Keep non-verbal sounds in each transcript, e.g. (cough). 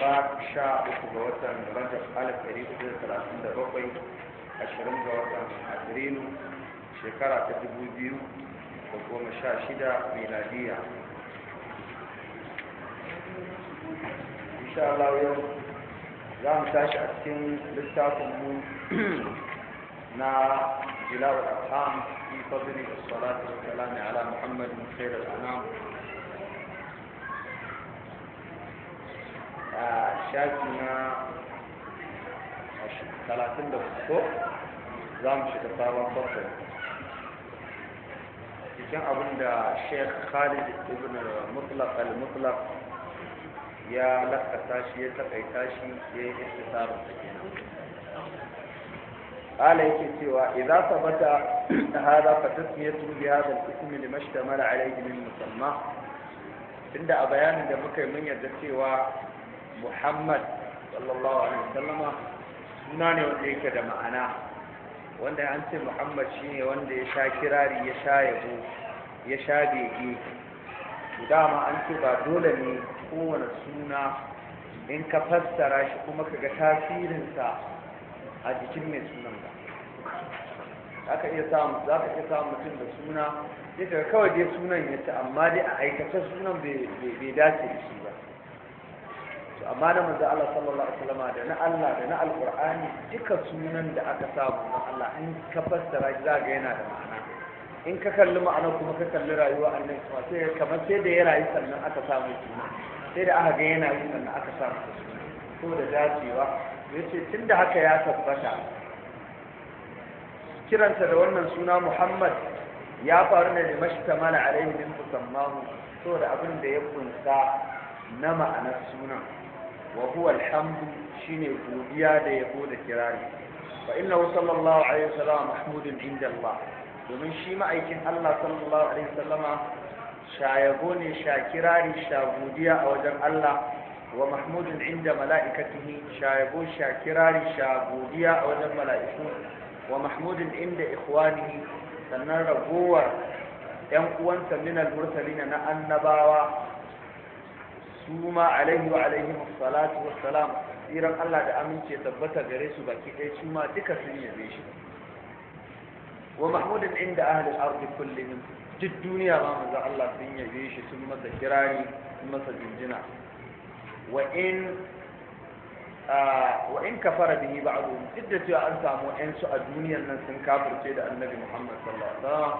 laraba sha uku ga watan rajab alif ɗari hudu da talatin da bakwai ashirin ga watan afrilu shekara ta dubu biyu da goma sha shida miladiya insha Allah yau za mu tashi a cikin littafinmu na jilawar afham fi fadli salatu wa salami ala muhammadin khairul anam shafi na talatin da ko za mu shiga sabon farko cikin abin da sheikh khalid ibn mutlaq al mutlaq ya lakasa shi ya takaita shi ya yi istisarar ta kenan yake cewa idan sabata ta hada ka tasmiya su bi hadal ismi li mashtamala alayhi tunda a bayanin da muka yi mun yarda cewa muhammad sallallahu alaihi wasallama suna ne wanda yake da ma'ana wanda an ce muhammad shine wanda ya sha kirari ya sha yabo ya sha bege dama an ce ba dole ne kowane suna in ka fassara shi kuma kaga tasirinsa a jikin mai sunan ba za ka iya samun mutum da suna kaga kawai dai sunan ya ci amma dai a aikata sunan bai dace da shi ba to amma na manzo Allah sallallahu alaihi wasallam da na Allah da na alqur'ani duka sunan da aka samu na Allah an ka fassara shi zaka yana da ma'ana in ka kalli ma'ana kuma ka kalli rayuwa annabi sai kamar sai da ya rayu sannan aka samu suna sai da aka ga yana yi sannan aka samu suna da dacewa yace tunda haka ya tabbata kiransa da wannan suna Muhammad ya faru ne da mashtamala alaihi min musammahu saboda abin da ya kunsa na ma'anar sunan wa huwa alhamdu shine godiya da yabo da kirari fa innahu sallallahu alaihi wasallam mahmudun inda Allah domin shi ma'aikin Allah sallallahu alaihi wasallama sha yabo ne sha kirari sha godiya a wajen Allah wa mahmudun inda mala'ikatihi sha yabo sha kirari sha godiya a wajen mala'iku wa mahmudun inda ikhwanihi sannan ragowar yan uwansa min al-mursalin na annabawa su ma alaihi wa alaihi salatu wa salam tsiran Allah da amince tabbata gare su baki ɗaya su ma duka sun yabe shi wa mahmudin inda ahlul ardi kullihim duk duniya ma manzo Allah sun yabe shi sun masa kirani sun masa jinjina wa in wa in kafara bihi ba'du duk da cewa an samu ƴan a duniyar nan sun kafirce da annabi Muhammad sallallahu alaihi wasallam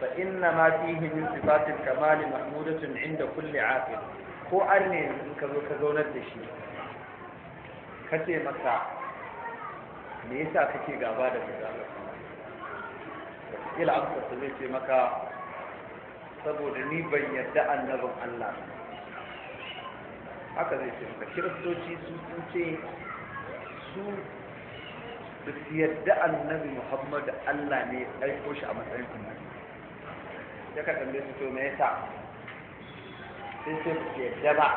fa inna ma fihi min sifatil kamali mahmudatun inda kulli aqil ko ne in ka zo ka zaunar da shi ka ce masa me yasa kake gaba da manzala ila amsa su ce maka saboda ni ban yarda annabin Allah haka zai ce maka kiristoci su sun ce su ba su yarda annabi Muhammadu Allah ne ya aiko shi a matsayin annabi ya ka tambaye su to me yasa sai sai ku yadda ba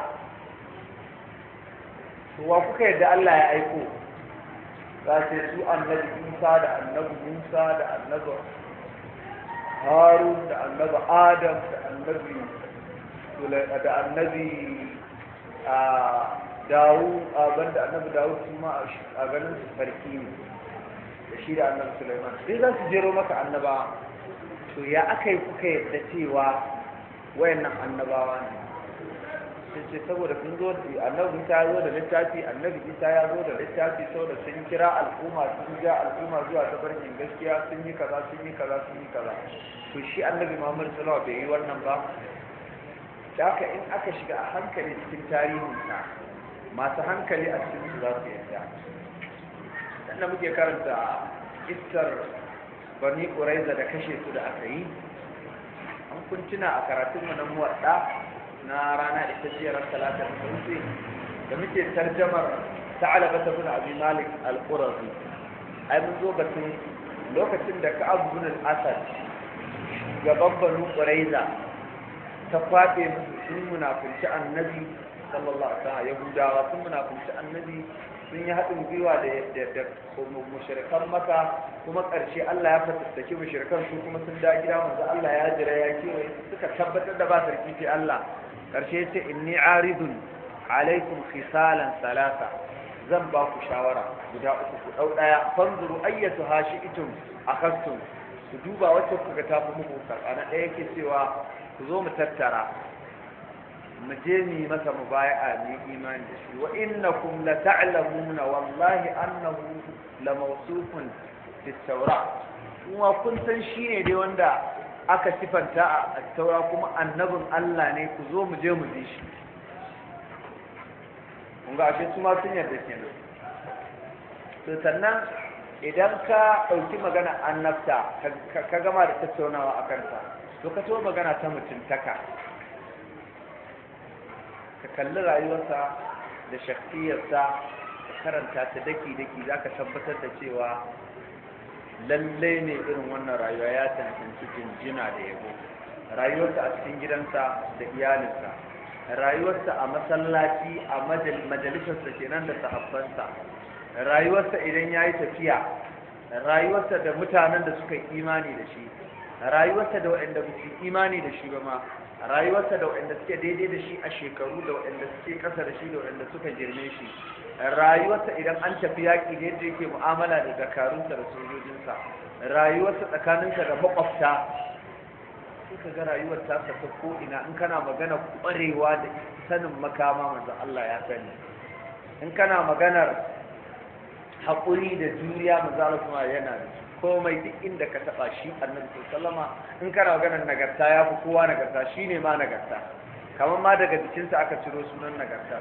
wa kuka yadda Allah ya aiko za sai su annabi Musa da annabi Musa da annabi Harun da annabi Adam da annabi da annabi dawu abin da annabi dawu su ma a ganin su farki ne da shi da annabi Sulaiman sai za su jero maka annaba to ya aka yi kuka yadda cewa wayannan annabawa ne sai ce saboda sun zo da annabi Isa ya zo da littafi annabi Isa ya zo da littafi saboda sun kira al'umma sun ja al'umma zuwa ta barkin gaskiya sun yi kaza sun yi kaza sun yi kaza to shi annabi Muhammad sallallahu alaihi wasallam bai yi wannan ba da haka in aka shiga a hankali cikin tarihin sa masu hankali a cikin su za su yarda sannan muke karanta istar bani quraiza da kashe su da aka yi an kuntuna a karatun mu na muwadda na rana ita ce ran talatin da da muke tarjamar ta'alaba ta bin abi malik al-qurazi ai mun zo batun lokacin da ka'ab bin al-asad gaban banu quraiza ta kwafe musu sun munafunci annabi sallallahu alaihi wasallam yahudawa sun munafunci annabi sun yi haɗin gwiwa da mushrikan maka kuma ƙarshe Allah ya fatattaki mushrikan su kuma sun da gida manzo Allah ya jira ya kewaye suka tabbatar da ba sarki ce Allah karshe ce inni aridun alaikum khisalan salasa zan ba ku shawara guda uku ku dau daya fanzuru ayyatu hashi itum akhastum ku duba wacce kuka ga fi muku karkana daya yake cewa ku zo mu tattara mu je mu masa mubai'a mu imani da shi wa innakum la ta'lamuna wallahi annahu la mawsufun fi tawrat kuma kun san shine dai wanda aka sifanta a taura kuma annabin Allah ne ku zo mu je mu ji shi kun ga ashe su sun yarda kenan to sannan idan ka ɗauki magana annabta ka gama da tattaunawa a kanta to ka to magana ta mutuntaka ka kalli rayuwarsa da shakhsiyarsa ka karanta ta daki-daki za ka tabbatar da cewa lalle ne irin wannan rayuwa ya tantance jinjina da yabo rayuwarsa a cikin gidansa da iyalinsa rayuwarsa a masallaci a majalisarsa kenan da sahabbansa rayuwarsa idan ya yi tafiya rayuwarsa da mutanen da suka yi imani da shi rayuwarsa da waɗanda ba su imani da shi ba ma rayuwarsa da waɗanda suke daidai da shi a shekaru da waɗanda suke ƙasa da shi da waɗanda suka girme shi rayuwarsa idan an tafi yaƙi da yadda yake mu'amala da dakarunsa da sojojinsa rayuwarsa tsakaninsa da makwabta ka ga rayuwar tasa ta ko'ina in kana magana ƙwarewa da sanin makama manzon Allah ya sani in kana maganar haƙuri da juriya manzon Allah kuma yana da komai duk inda ka taɓa shi annabi Salama. in kana maganar nagarta ya fi kowa nagarta shine ma nagarta kamar ma daga jikinsa aka ciro sunan nagarta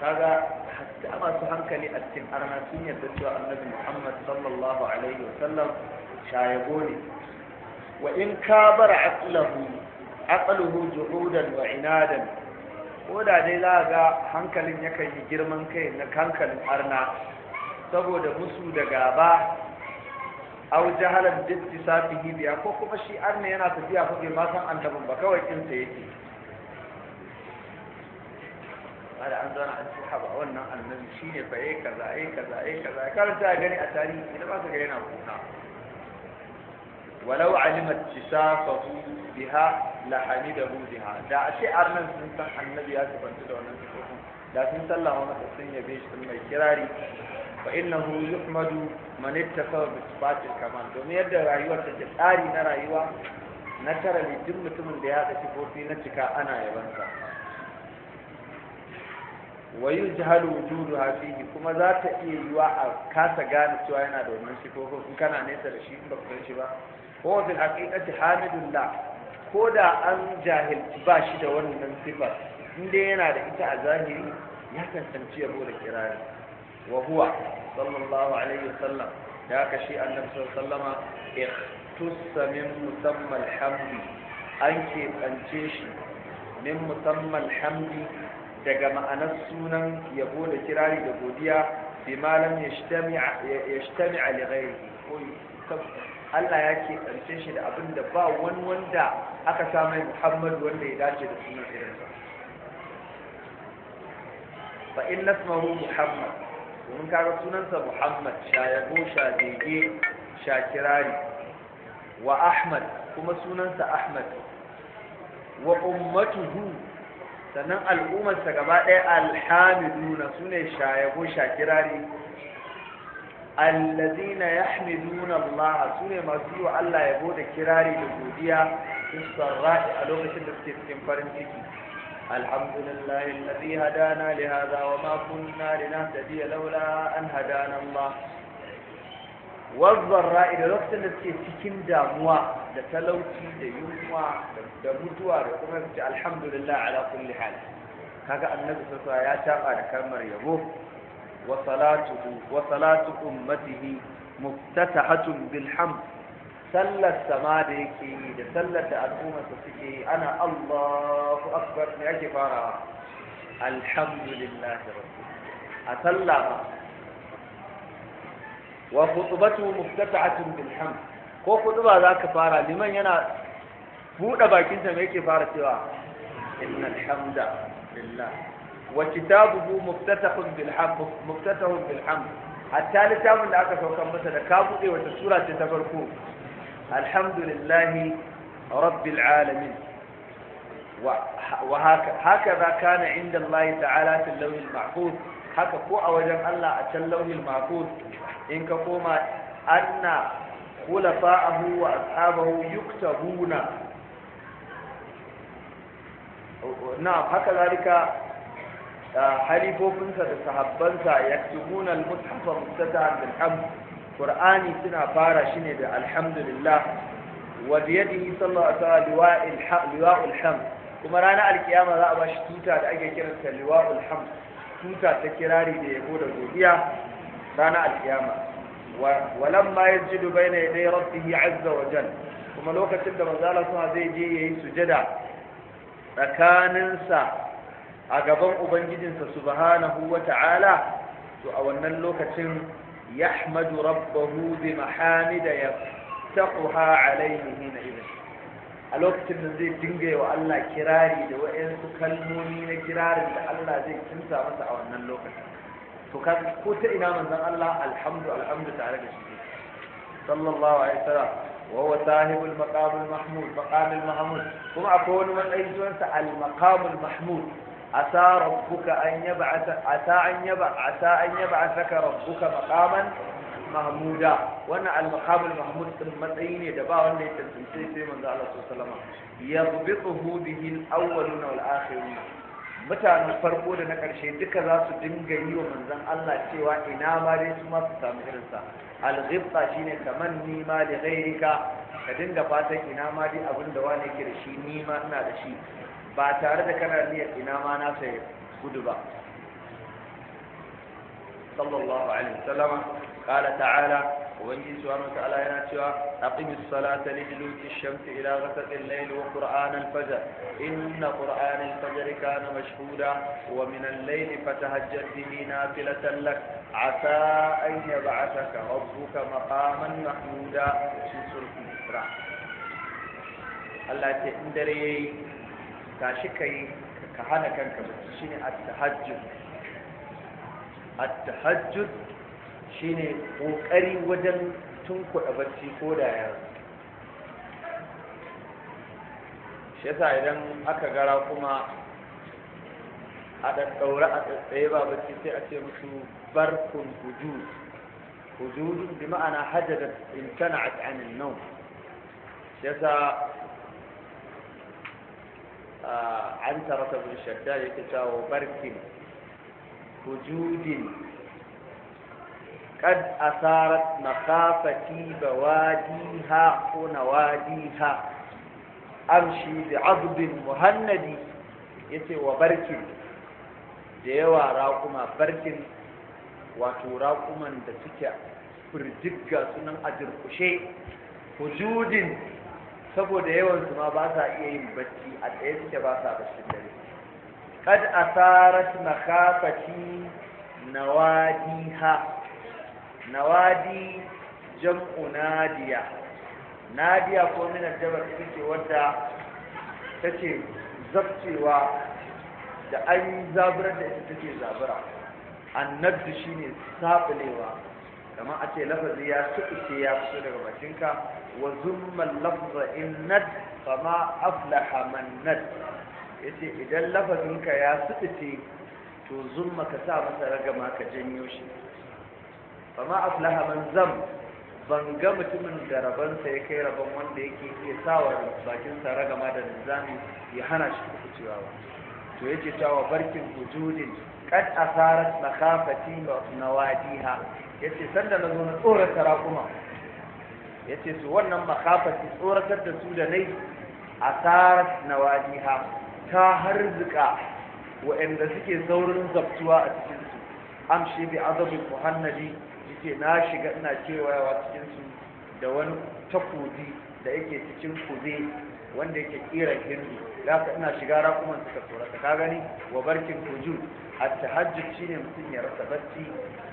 kaga hatta masu hankali a cikin arna sun yarda cewa annabi muhammad sallallahu alaihi wa sallam shayago ne wa in ka bar aqlahu aqluhu juhudan wa inadan ko da dai za ga hankalin yakan yi girman kai na hankalin arna saboda musu da gaba aw jahalan dittisafihi biya ko kuma shi arna yana tafiya fa bai ma san annabin ba kawai kinsa yake على عندنا أن سحب أولنا أن نمشين فأي كذا أي كذا أي كذا قال ساقني أتاني إذا ما سقينا أبونا ولو علمت شسافه بها لحمده بها دا أشيء أرمان سنتح النبي آسف أن تدعو نمشكم لا سنت الله هنا تصيني بيش ثم إكراري فإنه يحمد من اتخذ بصفات الكمال دوم يدى رأيوة تجساري نرأيوة نترى لجمة من دياتة فورتي نتكا أنا يا بنتا wa yujhalu wujuduha fihi kuma za ta iya yiwa a kasa gane cewa yana da wannan ko in kana nesa da shi in ku san shi ba ko fil haqiqati hamidullah ko da an jahilci ba shi da wannan sifar in yana da ita a zahiri ya kasance yabo da kirari wa huwa sallallahu alaihi wasallam da aka shi annabi sallallahu alaihi wasallama ihtussa min musamman hamdi an keɓance shi min musamman hamdi daga ma'anar sunan yabo da kirari da godiya bi malam yajtami'a li ghairihi Allah ya ke karshe shi da abin da ba wani wanda aka sa mai Muhammad wanda ya dace da sunan irinsa fa in nasmahu Muhammad domin kaga sunansa Muhammad sha yabo sha dege sha kirari wa Ahmad kuma sunansa Ahmad wa ummatuhu sannan al'ummarsa gaba ɗaya alhamiduna su ne shayabu shakirari allazina yahmiduna Allah su ne masu yi wa Allah yabo da kirari da godiya su sarra'i a lokacin da suke cikin farin ciki alhamdulillahi alladhi hadana li hadha wa ma kunna linahtadiya laula an hadana Allah wazzarra da lokacin da suke cikin damuwa da talauci da yunwa da mutuwa da kuma su ce alhamdulillah ala kulli hal kaga annabi sasa ya taba da kalmar yabo wa salatuhu wa salatu ummatihi muftatahatun bil hamd sallar sama da yake yi da sallar da al'ummar su suke yi ana Allahu akbar ne yake farawa alhamdulillah rabbil a sallah wa khutbatu muftata'atun bil hamd ko khutba ka fara liman yana buɗe bakin sa me yake fara cewa innal hamda lillah wa kitabuhu muftatahun bil hamd muftatahun bil hamd hatta littafin da aka saukan masa da ka buɗe wata sura ce ta farko alhamdulillahi rabbil alamin وهكذا كان عند الله تعالى في اللون المحفوظ haka ko a wajen Allah a can launin mahfuz in ka koma anna khulafa'ahu wa ashabahu yuktabuna na haka zalika halifofinsa da sahabbansa yaktubuna al-mushafa mustatahan bil hamd qur'ani suna fara shi ne da alhamdulillah wa bi yadihi sallallahu alaihi wa sallam hamd kuma ranar alkiyama za a ba shi tuta da ake kiranta liwa'ul hamd tuta ta kirari da yabo da godiya rana alkiyama walamma yajidu baina yaday rabbih azza wa jalla kuma lokacin da manzo Allah zai je yayi sujada tsakanin sa a gaban ubangijin sa subhanahu wa ta'ala to a wannan lokacin yahmadu rabbahu bi mahamida yaftaquha alayhi hina idan a lokacin da zai dinga wa Allah kirari da wa'yansu kalmomi na kirarin da Allah zai kinsa masa a wannan lokacin to ka ko ta ina manzon Allah alhamdu alhamdu tare da shi sallallahu alaihi wasallam wa huwa sahibul maqam al mahmud maqam al mahmud kuma akwai wani matsayin sa al maqam al mahmud asa rabbuka an yab'atha asa an yab'atha an yab'athaka rabbuka maqaman mahmuda wannan al mahmud din matsayi ne da ba wanda ya tantance sai manzo Allah sallallahu alaihi wasallam yabbihu bihi al-awwaluna wal mutanen farko da na karshe duka za su dinga yi wa manzon Allah cewa ina ma dai su ma su samu irin sa al-ghibta shine kaman ni ma da ghairika ka dinga fatan ina ma dai abin da wani yake da shi ni ma ina da shi ba tare da kana niyyar ina ma na sai gudu ba sallallahu alaihi wasallam قال تعالى وانجي سوانو تعالى ياتوا اقم الصلاة لدلوك الشمس الى غسق الليل وقرآن الفجر ان قرآن الفجر كان مشهودا ومن الليل فتهجد به نافلة لك عسى ان يبعثك ربك مقاما محمودا في سورة الاسراء الله تندري كاشكي كهانا كان كبير شنو التهجد التهجد shine ƙoƙari wajen tunkuɗa bacci ko da ya shi yasa idan aka gara kuma a ɗaɗɗaure a tsaye ba barci sai a ce musu barkun hujju hujju bi ma'ana hajjadat imtana'at anin nau shi yasa an tarata bin shadda yake cewa barkin hujudin قد أثارت مخافتي بواديها ونواديها أمشي بعضب مهندي يتي وبركن ديوا راكما بركن wato raƙuman da suke firjigga sunan a ajirkushe hujudin saboda yawansu ma ba sa iya yin bacci a tsaye ba sa bacci dare kad asarat makafati nawadiha nawadi jam'u nadiya nadiya ko minar jabar ita ce wadda ta zabcewa da an zaburar da ita take zabura annabdu shine sabulewa kamar a ce lafazi ya suɓuce ya fito daga bakinka wa zumman lafza in fama aflaha man nad idan lafazinka ya suɓuce to zumma ka sa masa ragama ka janyo shi fa aflaha man zam ban ga mutumin da rabansa ya kai rabon wanda yake iya sawa bakin sa ragama da nizami ya hana shi kucewa ba to yake tawa barkin wujudin kad asarat makhafati wa nawadiha yace sanda na zo na tsorata rakuma yace su wannan makhafati tsoratar da su da nai asarat nawadiha ta harzuka wa'anda suke saurin zabtuwa a cikin su amshi bi azabul muhannadi ce na shiga ina cewa kewayawa cikinsu da wani takobi da yake cikin kuze wanda yake kira hindu da ka ina shiga rakuman suka tsorata ka gani wa barkin kuju a tahajjud shine mutum ya rasa bacci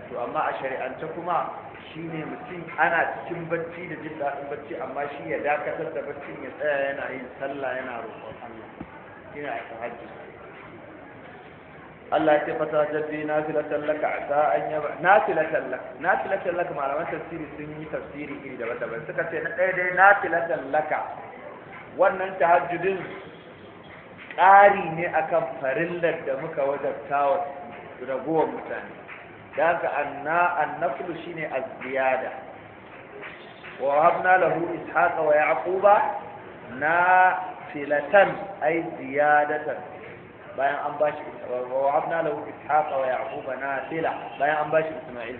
to amma a shari'ance kuma shine mutum ana cikin bacci da jin daɗin bacci amma shi ya dakatar da baccin ya tsaya yana yin sallah yana roƙon Allah shine a tahajjud Allah ya ce fata jabbi nafilatan laka asa an yaba nafilatan laka nafilatan laka malaman tafsiri sun yi tafsiri iri daban-daban suka ce na ɗaya dai nafilatan laka wannan tahajjudin ƙari ne akan farillar da muka wajabta wa ragowar mutane da haka anna annaflu shine azziyada wa habna lahu ishaqa wa yaquba nafilatan ay ziyadatan bayan an bashi wa abna lahu ishaqa wa yaquba nafila bayan an bashi isma'il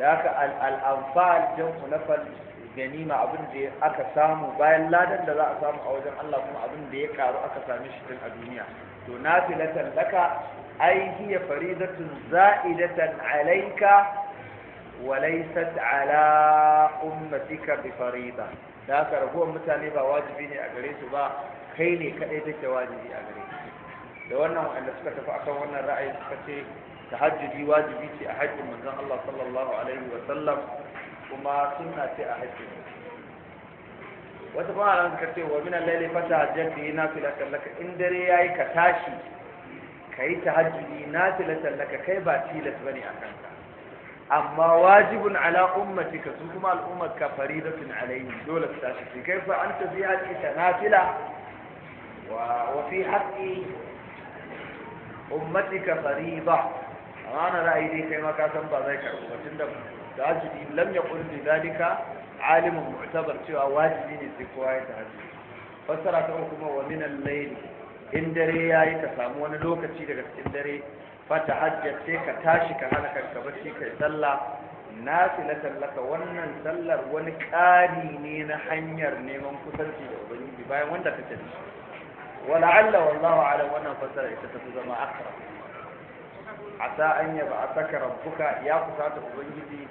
da haka al-anfal ganima abin da aka samu bayan ladan da za a samu a wajen Allah kuma abin da ya karu aka sami shi tun a duniya to nafilatan laka ai hiya faridatun za'idatan alayka wa laysat ala ummatika bi farida da haka ragowar mutane ba wajibi ne a gare su ba kai ne kadai take wajibi a gare da wannan wanda suka tafi akan wannan ra'ayi suka ce tahajjudi wajibi ce a haƙƙin manzon Allah sallallahu alaihi wa sallam kuma sunna ce a haƙƙin wata ba ran suka ce wa min al-layli fa tahajjudi nafilatan laka in dare yayi ka tashi kai tahajjudi nafilatan laka kai ba tilas bane a kanka amma wajibun ala ummatika su kuma al'ummar ka faridatun alayhi dole su tashi kai fa anta fi hajjika nafila وفي حق أمتك فريضة أنا رأيي دي كما كاسم بذكر وتندم تأجدي لم يقل بذلك عالم معتبر سوى واجبين الزكواية تأجدي فسر أتوكما ومن الليل إن دري ياي تسامون لوكا تشيدك إن دري فتحجت سيكا تاشك هلكا كبشيكا يسلى nafilatan laka wannan sallar wani ƙari ne na hanyar neman kusanci da ubangiji bayan wanda ka tafi ولعل والله اعلم وانا فسر ita ta fi zama akra asa an ya ba saka rabbuka ya kusata ubangiji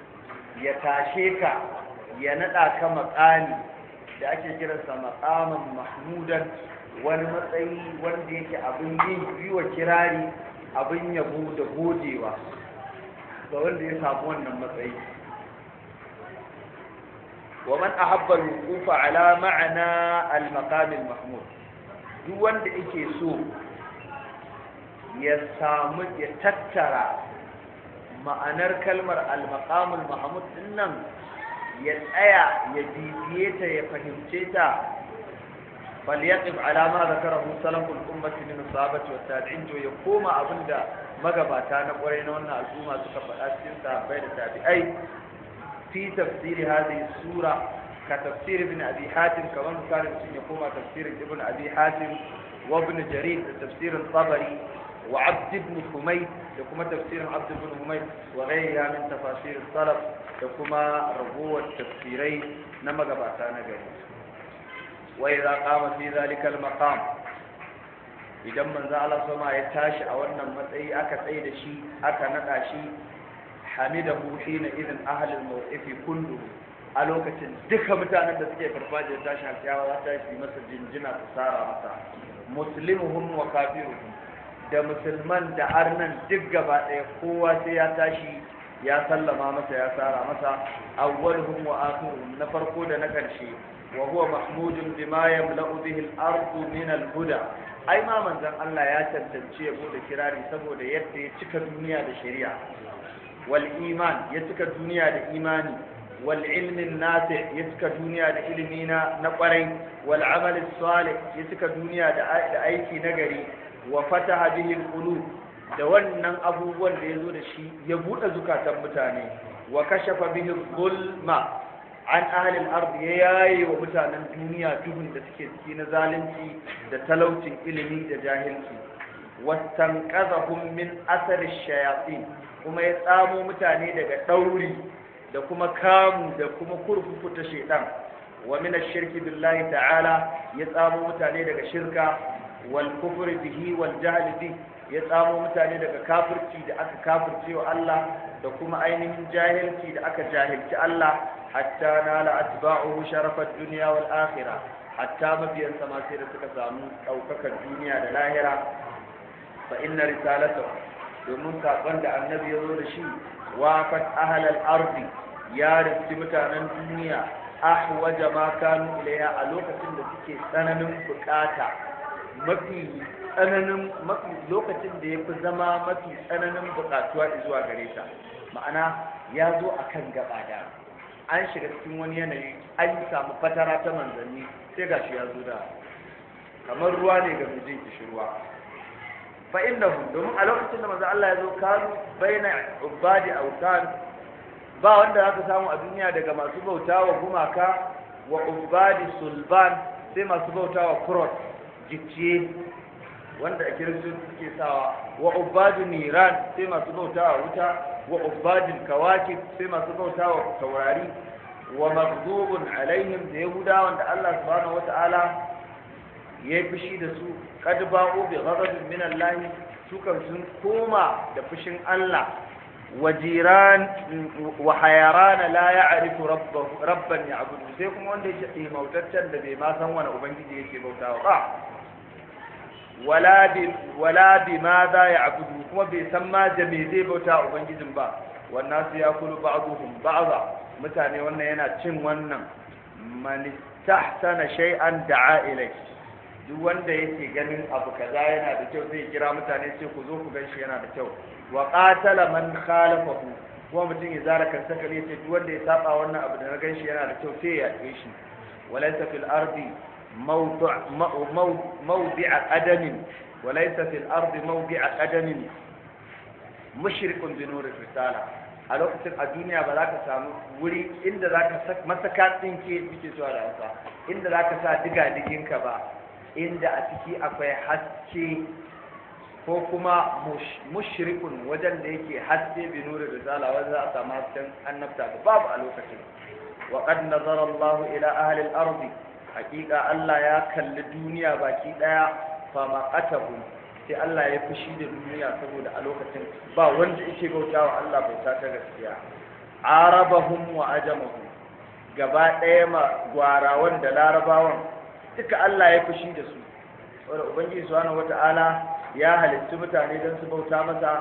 ya tashe ka ya naɗa ka matsani da ake kiran sa matsaman mahmudan wani matsayi wanda yake abin yin wa kirari abin yabo da gojewa ga wanda ya samu wannan matsayi ومن أحب الوقوف ala معنى المقام Mahmud. duk wanda yake so ya samu ya tattara ma'anar kalmar al-maqamul mahmud dinnan ya tsaya ya bibiye ta ya fahimce ta yaqif ala ma zakarahu salaful ummati min sahabati wa tabi'in to ya koma abinda magabata na kware na wannan al'umma suka faɗa cikin sahabbai da tabi'ai fi tafsiri hadhihi sura كتفسير ابن أبي حاتم كمان مثال يقوم تفسير ابن أبي حاتم وابن جرير تفسير الطبري وعبد بن حميد يقوم تفسير عبد بن حميد وغيرها من تفاسير الطلب يقوم ربوة تفسيري نما قبعتانا جرير وإذا قام في ذلك المقام idan manzo Allah sama ya tashi a wannan matsayi aka tsaye da shi aka nada shi hamidahu hina idin ahlul mawqifi kullu a lokacin duka mutanen da suke farfajiyar tashi alkiyawa za ta yi masa jinjina su tsara masa musulmuhum wa kafiruhum da musulman da arnan duk gaba ɗaya kowa sai ya tashi ya sallama masa ya tsara masa awwaluhum wa akhiruhum na farko da na ƙarshe wa huwa mahmudun bima yamla'u bihi al-ardu min al-huda ai ma manzon Allah ya tantance ya bude kirari saboda yadda ya cika duniya da shari'a wal iman ya cika duniya da imani wal ilmin ya cika duniya da ilimi na ƙwarai. wal amal ya cika duniya da aiki na gari. wa fataha bihi qulub da wannan abubuwan da ya zo da shi ya buɗe zukatan mutane wa kashe bihi Gulma an ahalin ardi ya yaye wa mutanen duniya duhun da suke ciki na zalunci da talaucin ilimi da jahilci watanqazahum min asalin shayatin kuma ya tsamo mutane daga ɗauri da kuma kamu da kuma kurkukuta shaidan wa min shirki billahi ta'ala ya tsamo mutane daga shirka wal kufri bihi wal jahl ya tsamo mutane daga kafirci da aka kafirce wa Allah da kuma ainihin jahilci da aka jahilci Allah hatta nala atba'uhu sharafat dunya wal akhirah hatta mabiyan sama sai da suka samu daukakar duniya da lahira fa inna risalatahu domin sakon da annabi ya zo da shi wafat ahlal ardi ya rubuci mutanen duniya ahwaja ma kanu ilayya a lokacin da suke tsananin bukata mafi tsananin mafi lokacin da ya fi zama mafi tsananin bukatuwa zuwa gare ta ma'ana ya zo a kan gaba da an shiga cikin wani yanayi an samu fatara ta manzanni sai gashi ya zo da kamar ruwa ne ga mijin kishirwa fa innahu domin a lokacin da manzo Allah ya zo kanu baina ubadi awtan ba wanda zaka samu a duniya daga masu bautawa gumaka wa ubadi sulban sai masu bautawa furot gicciye wanda a kiristoci suke sawa wa ubadi niran sai masu bautawa wuta wa ubadi kawakib sai masu bautawa taurari wa maghdubun alaihim da yahuda da Allah subhanahu wataala ya yi fushi da su kad ba'u bi ghadabin min Allah su kan sun koma da fushin Allah wa jiran wa hayaran la ya'rifu rabban ya'budu sai kuma wanda ce timautaccen da bai ma san wani ubangiji yake bautawa ba wala bi ma za ya'budu kuma bai san ma da zai bauta ubangijin ba wannan su yakulu ba'duhum ba'dha mutane wannan yana cin wannan man tahsana shay'an da'a ilayhi duk wanda yake ganin abu kaza yana da kyau zai kira mutane sai ku zo ku gan shi yana da kyau wa qatala man khalafahu kuma mutum ya zara kan saka ne sai duk wanda ya saba wannan abu da na gan shi yana da kyau sai ya yaƙe shi walaysa fil ardi mawdi'a qadamin walaysa fil ardi mawdi'a qadamin mushrikun bi nuri risala a lokacin a duniya ba za ka samu wuri inda za ka masaka tsinke suke zuwa da hausa inda za ka sa diga diginka ba inda a ciki akwai haske ko kuma mushrikun wajen da yake haske bi da zala wanda za a samu hasken annabta da babu a lokacin wa qad nazara Allah ila ahli al-ard haqiqa Allah ya kalli duniya baki daya fa atahu sai Allah ya fushi da duniya saboda a lokacin ba wanda yake bautawa Allah bauta ta gaskiya arabahum wa ajamahum gaba daya ma gwarawan da larabawan duka Allah ya fushi da su wanda ubangiji subhanahu wata'ala ya halitta mutane don su bauta masa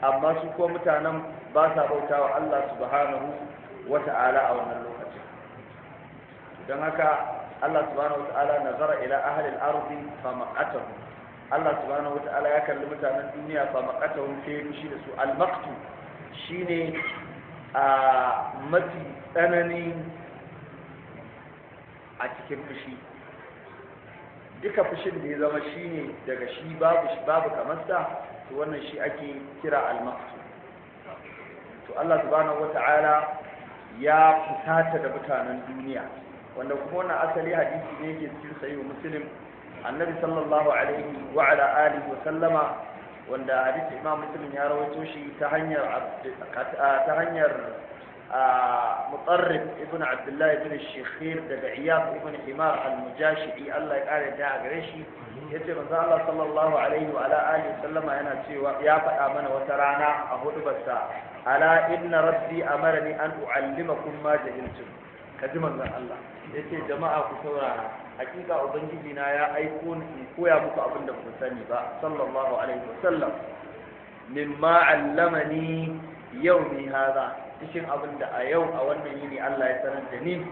amma su ko mutanen ba sa bauta wa Allah subhanahu wata'ala a wannan lokacin don haka Allah subhanahu wata'ala nazara ila ahli al-ardi fa maqatahu Allah subhanahu wata'ala ya kalli mutanen duniya fa maqatahu sai ya fushi da su al-maqtu shine a mafi tsananin a cikin fushi duka fushin da ya zama shi ne daga shi babu shi babu kamarsa to wannan shi ake kira almasu to Allah subhanahu wata'ala ya fusata da mutanen duniya wanda kuma wannan asali hadisi ne yake cikin sahihu muslim annabi sallallahu alaihi wa ala alihi wa sallama wanda hadisi imam muslim ya rawaito shi ta hanyar ta hanyar mutsarrif ibn abdullahi ibn shekhir daga iyaf ibn himar al-mujashi'i Allah ya kare da gare shi ya ce Allah sallallahu alaihi wa ala yana cewa ya faɗa mana wata rana a hudubarsa ala inna rabbi amarani an uallimakum ma jahiltum kaji manzon Allah yace jama'a ku saurara hakika ubangiji na ya aiko ni koya muku abin da ku sani ba sallallahu alaihi wa sallam mimma allamani yawmi hadha cikin abin da a yau a wannan yini Allah ya sanar da ni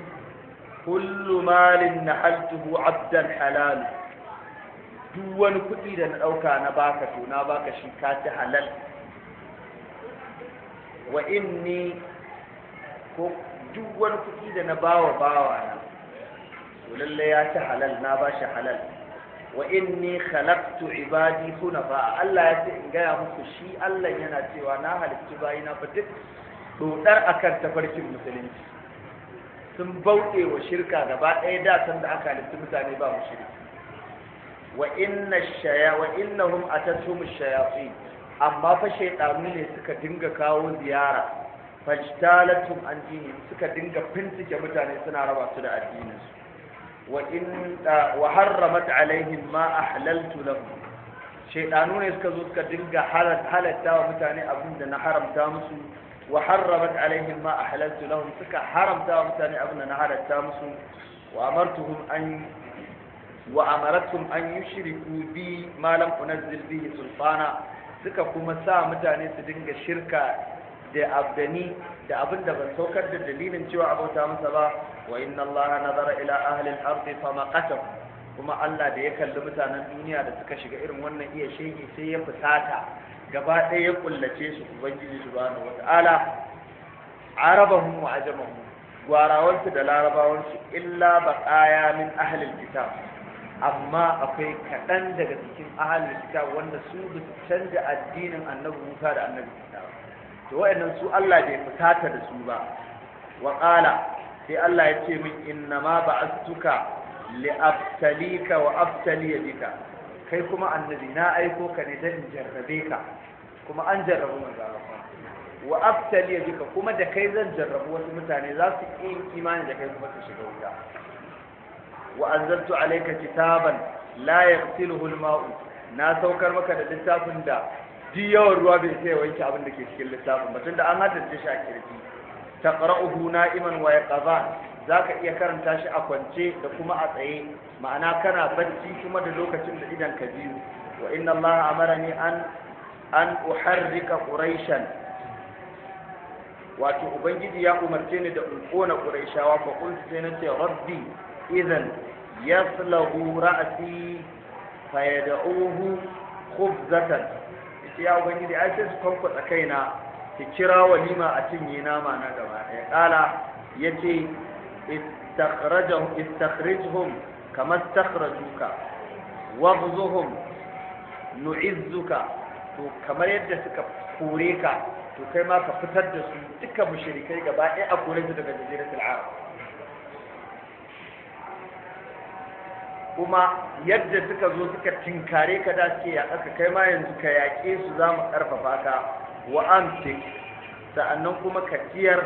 kullu malin nahaltuhu abdan halal duk wani kuɗi da na ɗauka na baka to na baka shi ka ci halal wa inni ko duk wani kuɗi da na bawa bawa na to lalle ya ci halal na ba shi halal wa inni khalaqtu ibadi hunafa Allah ya ce in gaya muku shi Allah yana cewa na halicci bayina fa duk dodar akan tafarkin musulunci sun bauɗe wa shirka gaba ɗaya da san da aka halittu mutane ba mu shirka wa inna shaya wa innahum atatu shayatin amma fa shaytanu ne suka dinga kawo ziyara fajtalatum an dini suka dinga fintike mutane suna raba su da addininsu wa in wa harramat alaihim ma ahlaltu lahum shaytanu ne suka zo suka dinga halatta wa mutane abin da na haramta musu wa harramat alaihim ma suka haramta wa mutane abin da na halatta musu wa amartuhum an wa amaratkum an yushriku bi ma suka kuma sa mutane su dinga shirka da abdani da abin da ban saukar da dalilin cewa abauta masa ba wa inna allaha nazara ila ahli al-ardi famaqatahum kuma Allah da ya kalli mutanen duniya da suka shiga irin wannan iya shege sai ya fusata gaba ɗaya ya kullace su ubangiji subhanahu wata'ala arabahum wa ajamahum gwarawansu da larabawansu illa baqaya min ahlil kitab amma akwai kaɗan daga cikin ahalin kitab wanda su ba su addinin annabi Musa da annabi Isa to wa'annan su Allah bai fusata da su ba wa sai Allah ya ce min inna ma ba'astuka li aftalika wa aftali bika kai kuma annabi na aiko ka ne dan jarrabe ka kuma an jarrabu manzo wa abtali bika kuma da kai zan jarrabu wasu mutane za su yi imani da kai kuma su shiga wuta wa anzaltu alayka kitaban la yaghsiluhu al na saukar maka da littafin da duk yawan ruwa bai sai wanke abin da ke cikin littafin ba tunda an haddace shi a kirji taqra'uhu na'iman wa yaqadhan zaka iya karanta shi a kwance da kuma a tsaye ma'ana kana bacci kuma da lokacin da idan ka biyu wa inna allaha ni an an uharrika quraishan wato ubangiji ya umarce ni da in kona quraishawa fa qultu sai na ce rabbi idan yaslahu ra'si fa yad'uhu khubzatan ita ya ubangiji ai sai su kaina ki kira walima a cinye ma na gaba ya kala yace ce istakhrijhum kamar takhrajuka waghzuhum nu'izzuka to kamar yadda suka kore ka to kai ma ka fitar da su duka mushrikai gaba ɗaya a kore su daga jaziratul arab kuma yadda suka zo suka tinkare ka da suke yaƙa ka kai ma yanzu ka yaƙe su za mu ƙarfafa ka wa amsik sa'annan kuma ka ciyar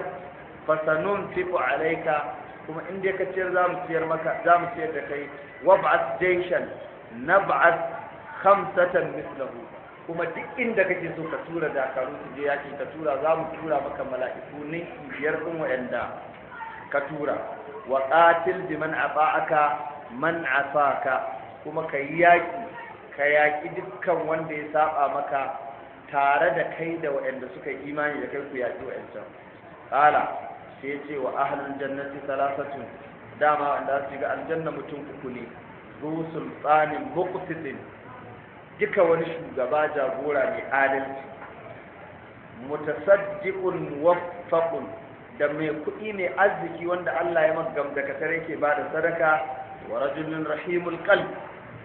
fasanun tifu alaika kuma in dai ka ciyar za mu ciyar maka za mu ciyar da kai wab'at jayshan nab'at khamsatan mislahu kuma duk inda kake so ka tura dakaru su je yaki ka tura za mu tura maka mala'iku ne biyar din wayanda ka tura wa qatil biman afa'aka man afaka kuma ka yaki ka yaki dukkan wanda ya saba maka tare da kai da wayanda suka yi imani da kai ku yaki wayancan qala sai ce wa ahlul jannati salasatun dama wanda su ga aljanna mutum uku ne Zuwa sultanin muqtidin duka wani shugaba jagora mai adalci mutasaddiqun waffaqun da mai kuɗi ne arziki wanda Allah ya magam da kasar yake ba da sadaka wa rajulun rahimul qalb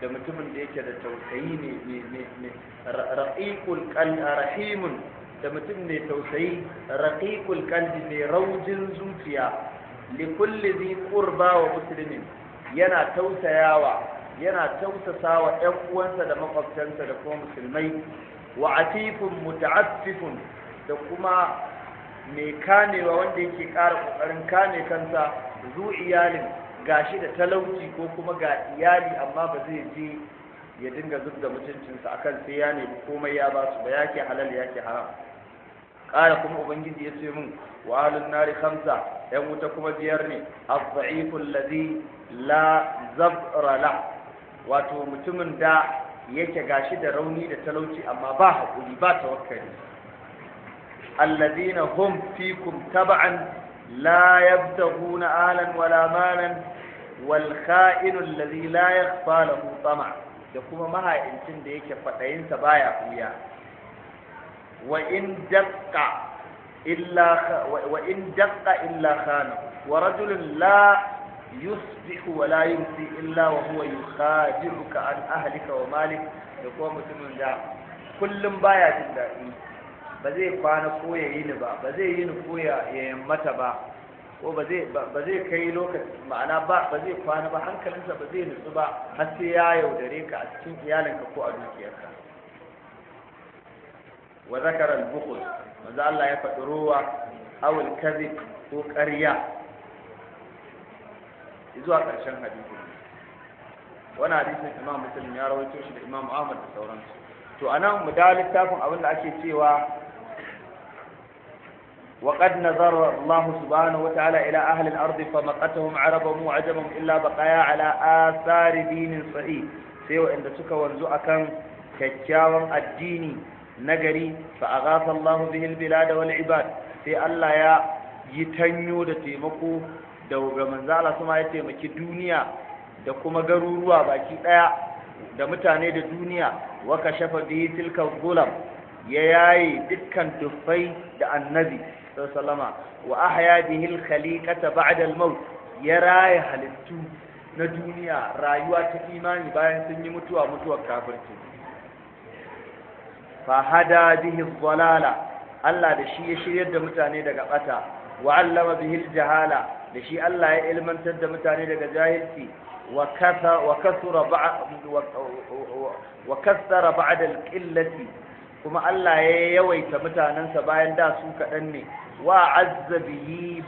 da mutumin da yake da tausayi ne rahimun da mutum mai tausayi raqiqul qalbi mai raujin zuciya li kulli zi qurba wa muslimin yana tausayawa yana tausasawa ƴan uwansa da makwabtansa da kuma musulmai wa atifun muta'affifun da kuma mai kanewa wanda yake ƙara ƙoƙarin kane kansa zu iyalin gashi da talauci ko kuma ga iyali amma ba zai je ya dinga zub da mutuncinsa akan sai ya nemi komai ya ba su ba yake halal yake haram قال كما أبنجي kamsa وأهل النار خمسة يموتكم بيرني الضعيف الذي لا زبر له wato mutumin da yake gashi da rauni da talauci amma ba haƙuri ba tawakkali alladina hum fikum taba'an la yabtaghuna alan wala malan wal kha'inu alladhi la yakhfa lahu tama' da kuma mahaicin da yake faɗayinsa baya kuya وإن دق إلا وإن دق إلا خانه ورجل لا يصبح ولا يمسي إلا وهو يخادعك عن أهلك ومالك يقوم سنون جاء كل مبايا تلاقي بزي فانا قوية ينبا بزي ينفويا يمتبا ko ba zai ba zai kai lokaci ma'ana ba ba zai kwana ba hankalinsa ba zai nutsu ba har sai wa zakara al manzo Allah ya faɗi ruwa aw al-kadhib ko ƙarya zuwa ƙarshen hadisi wannan hadisin Imam Muslim ya rawaito shi da Imam Ahmad da sauransu to anan mu da littafin abin da ake cewa وقد نظر الله سبحانه وتعالى إلى أهل الأرض فمقتهم عربا وعجمهم إلا بقايا على آثار دين صحيح sai waɗanda suka wanzu kan kyakkyawan addini nagari fa aghafa Allah bihi da wal ibad sai Allah ya yi tanyo da taimako da ga manzo kuma ya taimaki duniya da kuma garuruwa baki ɗaya da mutane da duniya wa kashafa bihi tilka zulam ya yaye dukkan tuffai da annabi salama wa ahya bihi alkhaliqata ba'da almaut ya raye halittu na duniya rayuwa ta imani bayan sun yi mutuwa mutuwar kafirci fahada bihi dhalala Allah da shi ya shiryar da mutane daga bata wa allama bihi jahala da shi Allah ya ilmantar da mutane daga jahilci wa kasa wa kasura wa kasara ba'da al-qillati kuma Allah ya yawaita mutanansa bayan da su kadan ne wa azza bihi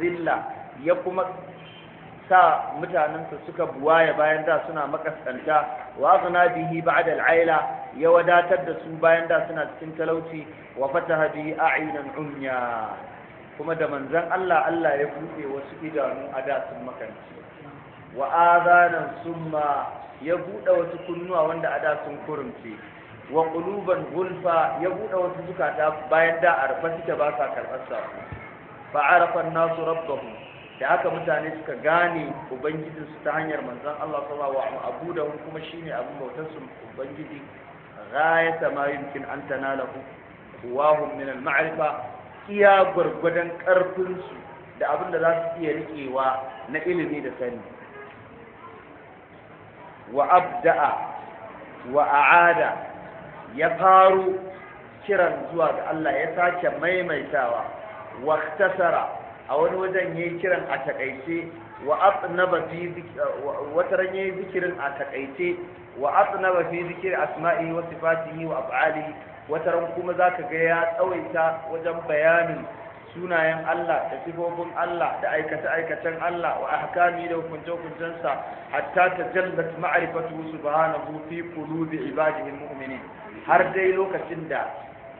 zilla ya kuma sa mutanensa suka buwaya bayan da suna makaskanta wa zana bihi ba'da al'aila ya wadatar da su bayan da suna cikin talauci wa fataha bihi a'inan umya kuma da manzan Allah Allah ya buɗe wasu idanu a da sun makanci wa summa ya buɗe wasu kunnuwa wanda a da sun kurumce wa quluban gulfa ya buɗe wasu zukata bayan da arfa suke ba sa karɓar sa fa arafa an-nasu rabbahum da haka mutane suka gane ubangijinsu ta hanyar manzan Allah sallallahu alaihi abu da kuma shine abin bautar su ubangiji ghayata ma yumkin an tanalahu quwahum min al-ma'rifa iya gwargwadon ƙarfinsu su da abin da za su iya rikewa na ilimi da sani wa abda'a wa a'ada ya faru kiran zuwa ga Allah ya sake maimaitawa wa ikhtasara a wani wajen yayi kiran a takaice wa atnaba fi wataran yayi zikirin a takaice wa atnaba fi zikri asma'i wa sifatihi wa af'alihi wataran kuma zaka ga ya tsawaita wajen bayanin sunayen Allah da sifofin Allah da aikata-aikatan Allah wa ahkami da hukunce-hukuncensa hatta ta jallat ma'rifatu subhanahu fi qulubi ibadihi almu'minin har dai lokacin da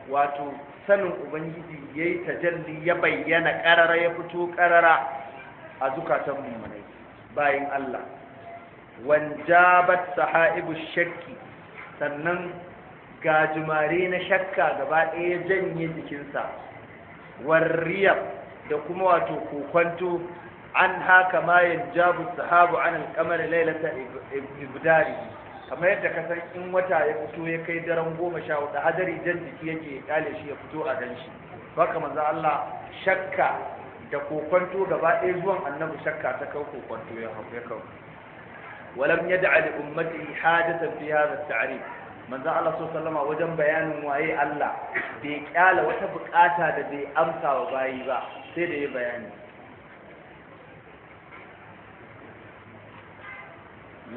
wato sanin ubangiji ya yi tajalli ya bayyana ƙarara ya fito ƙarara a zukatan mummunai bayan Allah wanjabat saha'ibu shakki sannan gajimare na shakka gaba ɗaya janye jikinsa warriyar da kuma wato kokwanto an haka ma jabu sahabu an alƙamar lailata ibdari kamar yadda ka san in wata ya fito ya kai daren goma sha hudu hadari jan jiki yake ya kyale shi ya fito a ganshi baka manzo Allah shakka da kokonto gaba ɗaya zuwan annabi shakka ta kau kokonto ya hau ya kau walam yad'a ali ummati hadatan fi hadha tarif manzo Allah sallama wajen bayanin waye Allah bai kyala wata bukata da bai amsa wa bayi ba sai da ya bayani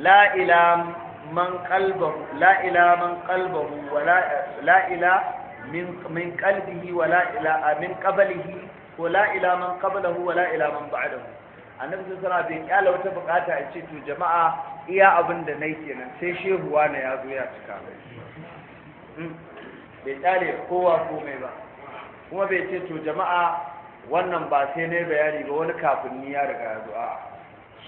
la ilam من قلبه لا إلى man قلبه ولا لا إلى min من قلبه wa إلى من min ولا إلى من قبله ولا إلى wa بعده annabi sallallahu alaihi wasallam bai kyala wata bukata a ce to jama'a iya abin da nayi kenan sai shehu wani ya zo ya cika hmm. bai kyale kowa komai ba kuma bai ce to jama'a wannan ba sai ne bayani ba wani kafin ni ya riga ya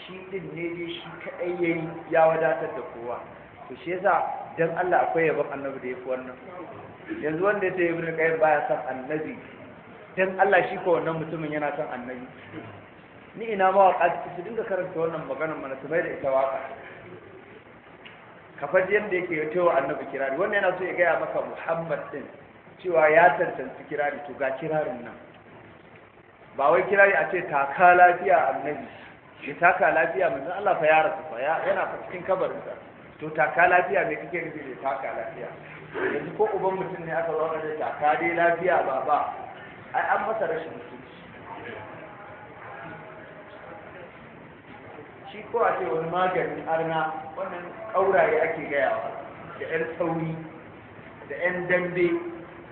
shi din ne dai shi kadai yayi ya wadatar da kowa to shi yasa dan Allah akwai yabon annabi da yafi wannan yanzu wanda ya ce ibnu qayyim baya san annabi dan Allah shi ko wannan mutumin yana san annabi ni ina ma waka su dinga karanta wannan maganar mana su mai da ita waka kafar yadda yake ya annabi kirari wannan yana so ya gaya maka muhammad din cewa ya tantance kirari to ga kirarin nan ba wai kirari a ce taka lafiya annabi ya taka lafiya manzon Allah fa ya rasu fa yana fa cikin kabarinsa to taka lafiya mai kake nufi da taka lafiya yanzu ko uban mutum ne aka zo da taka dai lafiya ba ba ai an masa rashin mutunci shi ko a ce wani maganin arna wannan ƙauraye ake gayawa da 'yan sauri da 'yan dambe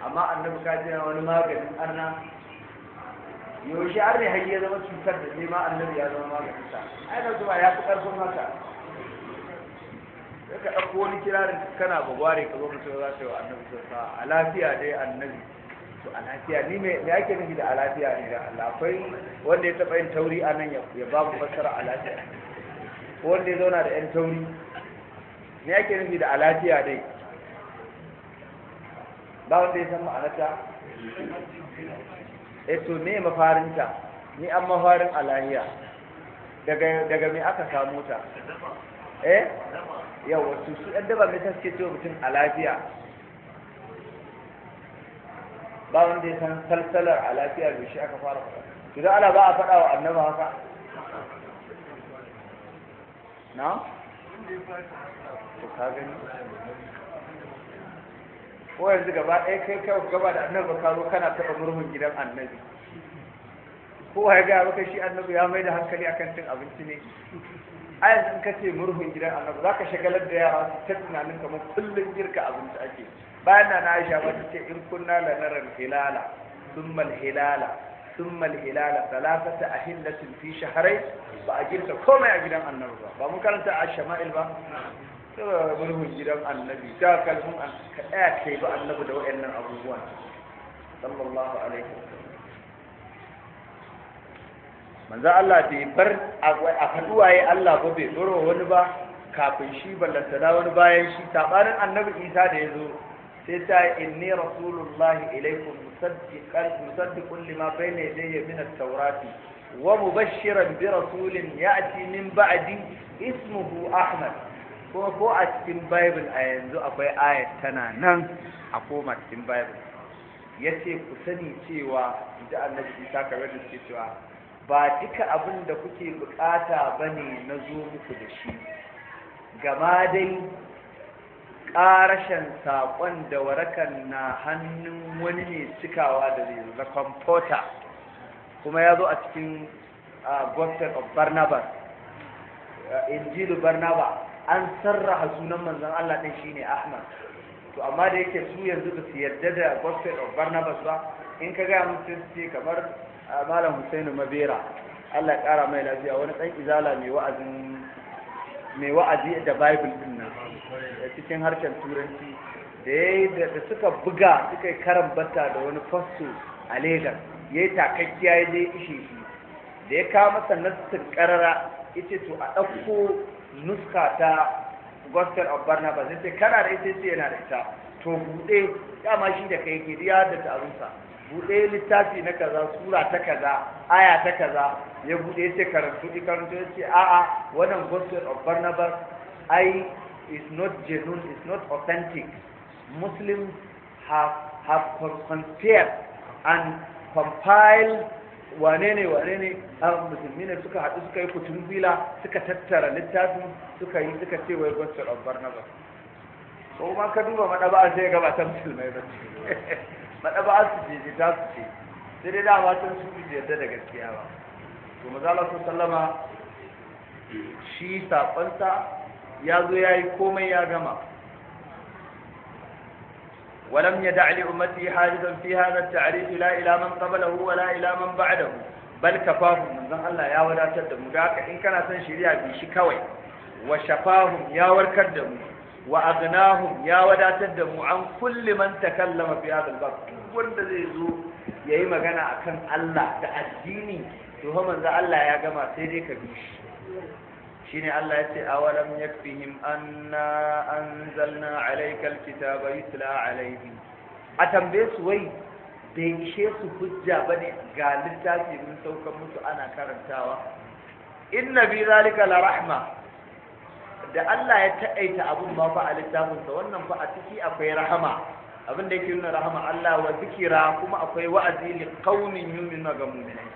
amma annabi ka jina wani maganin arna yaushe har ne ya zama cutar da nema annabi ya zama maganin sa ai da zuwa ya fi karfin haka sai ka ɗauko wani kirarin kana bagware ka zo mutum za ta yi wa annabi sa a lafiya dai annabi to a lafiya ni me ake nufi da a lafiya ne da Allah akwai wanda ya taɓa yin tauri a nan ya ba fassara a lafiya ko wanda ya zauna da yan tauri me ake nufi da a lafiya dai ba wanda ya san ma'anata E to me mafarinta ni an mafarin alahiya daga daga me aka samu ta eh yawa su su ɗan daba me suke cewa mutum a lafiya ba wanda ya san salsalar a lafiya da shi aka fara faɗa to da ala ba a faɗa wa annaba haka na to ka gani ko yanzu gaba ɗaya kai kai gaba da annabi ka zo kana taɓa murhun gidan annabi ko ya gaya maka shi annabi ya mai da hankali akan cin abinci ne a yanzu in ka ce murhun gidan annabi za ka shagalar da yara su ta tunanin kamar kullum girka abinci ake bayan na aisha ba ta ce in kunna la hilala sun mal hilala sun mal hilala thalathata ahillatin fi shaharai, ba a girka komai a gidan annabi ba ba mun karanta a shama'il ba saboda mulkin gidan annabi ta kalmin ka tsaya ka ba annabi da wa'annan abubuwan sallallahu alaihi manzo Allah bai bar a yi Allah ba bai tsoro wani ba kafin shi ballantana wani bayan shi tabarin annabi Isa da ya zo sai ta inni rasulullahi ilaikum musaddiqan musaddiqun lima bayna yadayya min at-taurati wa mubashshiran bi rasulin ya'ti min ba'di ismuhu ahmad kuma ko a cikin bible a yanzu akwai ayat tana nan a koma cikin bible ya ce ku sani cewa da annabi isa kamar da suke cewa ba duka abin da kuke bukata ba ne na zo muku da shi gama dai ƙarashen saƙon da warakan na hannun wani ne cikawa da zai the comforter kuma ya zo a cikin ah, gospel of barnabas eh, injilu barnabas an sarraha sunan manzon Allah din shine Ahmad to amma da yake su yanzu ba su yarda da gospel of Barnabas ba in ka ga mutum sai kamar ah, malam Husainu Mabera Allah ya kara mai lafiya wani ɗan izala mai wa'azin mai wa'azi da Bible din nan cikin harshen Turanci da da suka buga suka yi karan bata da wani fasto a Lagos yayi takakkiya ya je ishe shi da ya kawo masa nassin karara ita to a ɗauko nuska ta gospel of barnabas yace kana da ita yace yana da ita to bude dama shi da kai ke ya da tarunsa bude littafi na kaza sura ta kaza aya ta kaza ya bude yace karatu di karanto yace a a wannan gospel of barnabas ai is not genuine is not authentic muslims have have compared and compiled wane ne wane ne a musulmi ne suka haɗu suka yi kutun bila suka tattara littafi suka yi suka ce wai gwacce rabbar na ko ma ka duba maɗaba'ar sai ga ta musulmai ba ce a (laughs) su ce ta su ce sai dai dama sun su bi yadda da gaskiya ba to maza Allah su sallama shi saƙonsa ya zo ya yi komai ya gama ولم يدع لأمتي حاجزا في هذا التعريف لا إلى من قبله ولا إلى من بعده بل كفاهم من ذن الله يا ولا تدم ذاك إن كان تنشريع بشي كوي وشفاهم يا وركدم وأغناهم يا ولا تدم عن كل من تكلم في هذا الباب wanda zai zo ya yi magana a kan Allah da addini to fa manzo Allah ya gama sai dai ka bi shi shine Allah yace awalam yakfihim anna anzalna alaykal kitaba yutla alayhi a tambaye su wai bai ishe su hujja bane ga littafi mun saukan musu ana karantawa inna bi zalika la rahma da Allah ya ta'aita abun ba fa a littafinsa wannan fa a ciki akwai rahama abin da yake nuna rahama Allah wa zikira kuma akwai wa'azi li qaumin ga mu'minai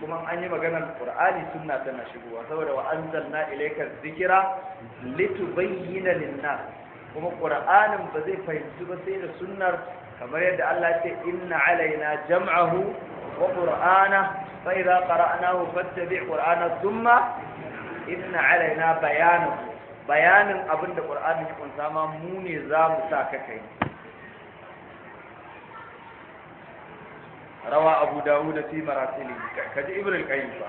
kuma an yi maganar qur'ani sunna tana shigowa saboda wa anzalna zikira dhikra litubayyana lin kuma qur'anin ba zai fahimci ba sai da sunnar kamar yadda Allah ya ce inna alaina jam'ahu wa qur'ana fa idza qara'nahu fattabi' qur'ana thumma inna alaina bayanahu bayanin abinda qur'ani ya kunsa ma mu ne za mu sa ka kai rawa abu da fi marasili kaji ibn al-qayyim ba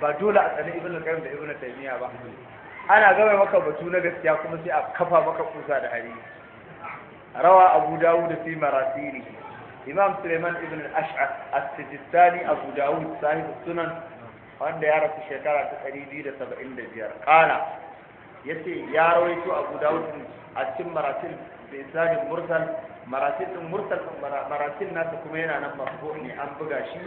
ba dole a tsani ibn al-qayyim da ibn taymiya ba ana gaba maka batu na gaskiya kuma sai a kafa maka kusa da hari rawa abu da fi marasili imam suleiman ibn al-ash'ar as-sijistani abu dawud sahib sunan wanda ya rasu shekara ta 275 kana yace ya rawaito abu dawud a cikin marasil bi isnadin mursal marasin din mursal din marasin nasa kuma yana nan mafi ne an buga shi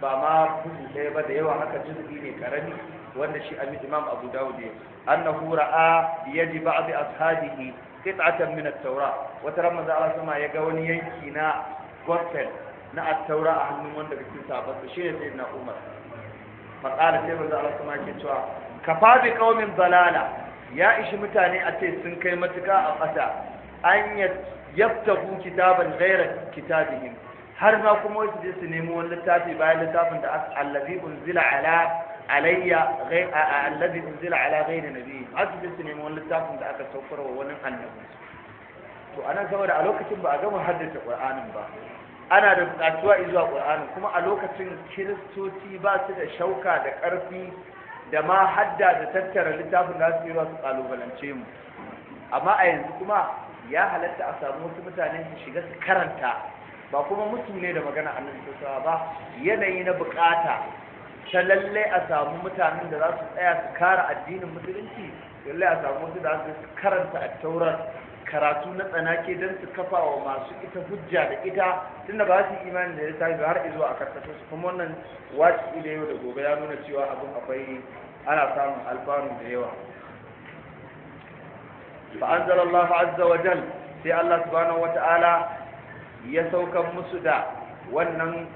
ba ma kudu ɗaya ba da yawa haka juz'i ne karami wanda shi abin imam abu dawud ne annahu ra'a bi yadi ba'd ashabihi qit'atan min at-taura wata ran manzo Allah sama ya ga wani yanki na gospel na a taura a hannun wanda kake su shi ne na Umar faqala sai manzo Allah sama ke cewa kafa bi qaumin balala. ya ishi mutane a ce sun kai matuka a ƙasa an yaftahu kitaban ghayra kitabihim har ma kuma su je su nemi wani littafi bayan littafin da allazi unzila ala alayya allazi unzila ala ghayri har su je su wani littafin da aka saukar wa wani annabi to anan saboda a lokacin ba a gama haddace qur'anin ba ana da buƙatuwa zuwa qur'anin kuma a lokacin kiristoci ba su da shauka da ƙarfi da ma hadda da tattara littafin da su yi su kalubalance mu amma a yanzu kuma ya halatta a samu wasu mutane su shiga su karanta ba kuma mutu ne da magana a nan sallallahu ba yanayi na bukata ta lalle a samu mutanen da za su tsaya su kara addinin musulunci lalle a samu wasu da su karanta a taurar karatu na tsanake don su kafa wa masu ita hujja da ita tunda ba su imani da ya sa har izuwa a karkashin su kuma wannan wajibi da yau da gobe ya nuna cewa abin akwai ana samun alfanu da yawa فأنزل الله عز وجل في الله سبحانه وتعالى يسوك مسدى ونن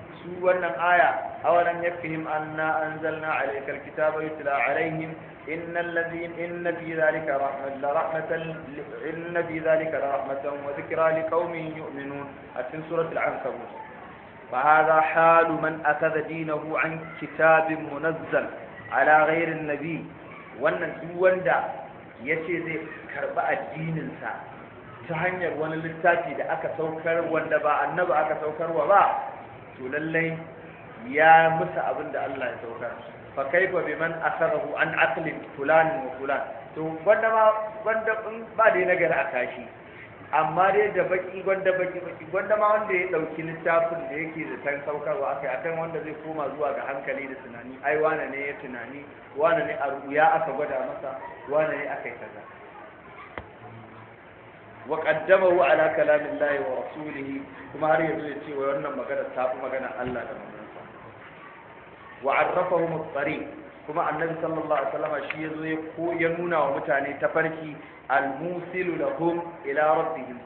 ونن آية أولم يكفهم أنا أنزلنا عليك الكتاب يتلى عليهم إن الذين إن في ذلك رحمة لرحمة إن في ذلك لرحمة وذكرى لقوم يؤمنون أتن سورة العنكبوت فهذا حال من أخذ دينه عن كتاب منزل على غير النبي وأن wanda ya ce zai karɓi addininsa ta hanyar wani littafi da aka saukar wanda ba annaba aka saukarwa ba to lallai ya musa abin da Allah ya saukar fa kaifa biman asarahu an aqlin fulan wa fulan to wanda in ba dai nagari a kashi amma dai da baki gwanda baki baki gwanda ma wanda ya dauki littafin da yake da tan saukarwa akai kan wanda zai koma zuwa ga hankali da tunani ai wane ne ya tunani wane ne a ruya aka gwada masa wane ne aka yi kaza wa qaddamahu ala kalamillahi wa rasulihi kuma har yanzu ya ce wa wannan magana ta fi magana Allah da manzonsa wa arrafahu at kuma annabi sallallahu alaihi wasallam shi yazo ya ko ya nuna wa mutane tafarki Almusilu musilu lahum ila rabbihim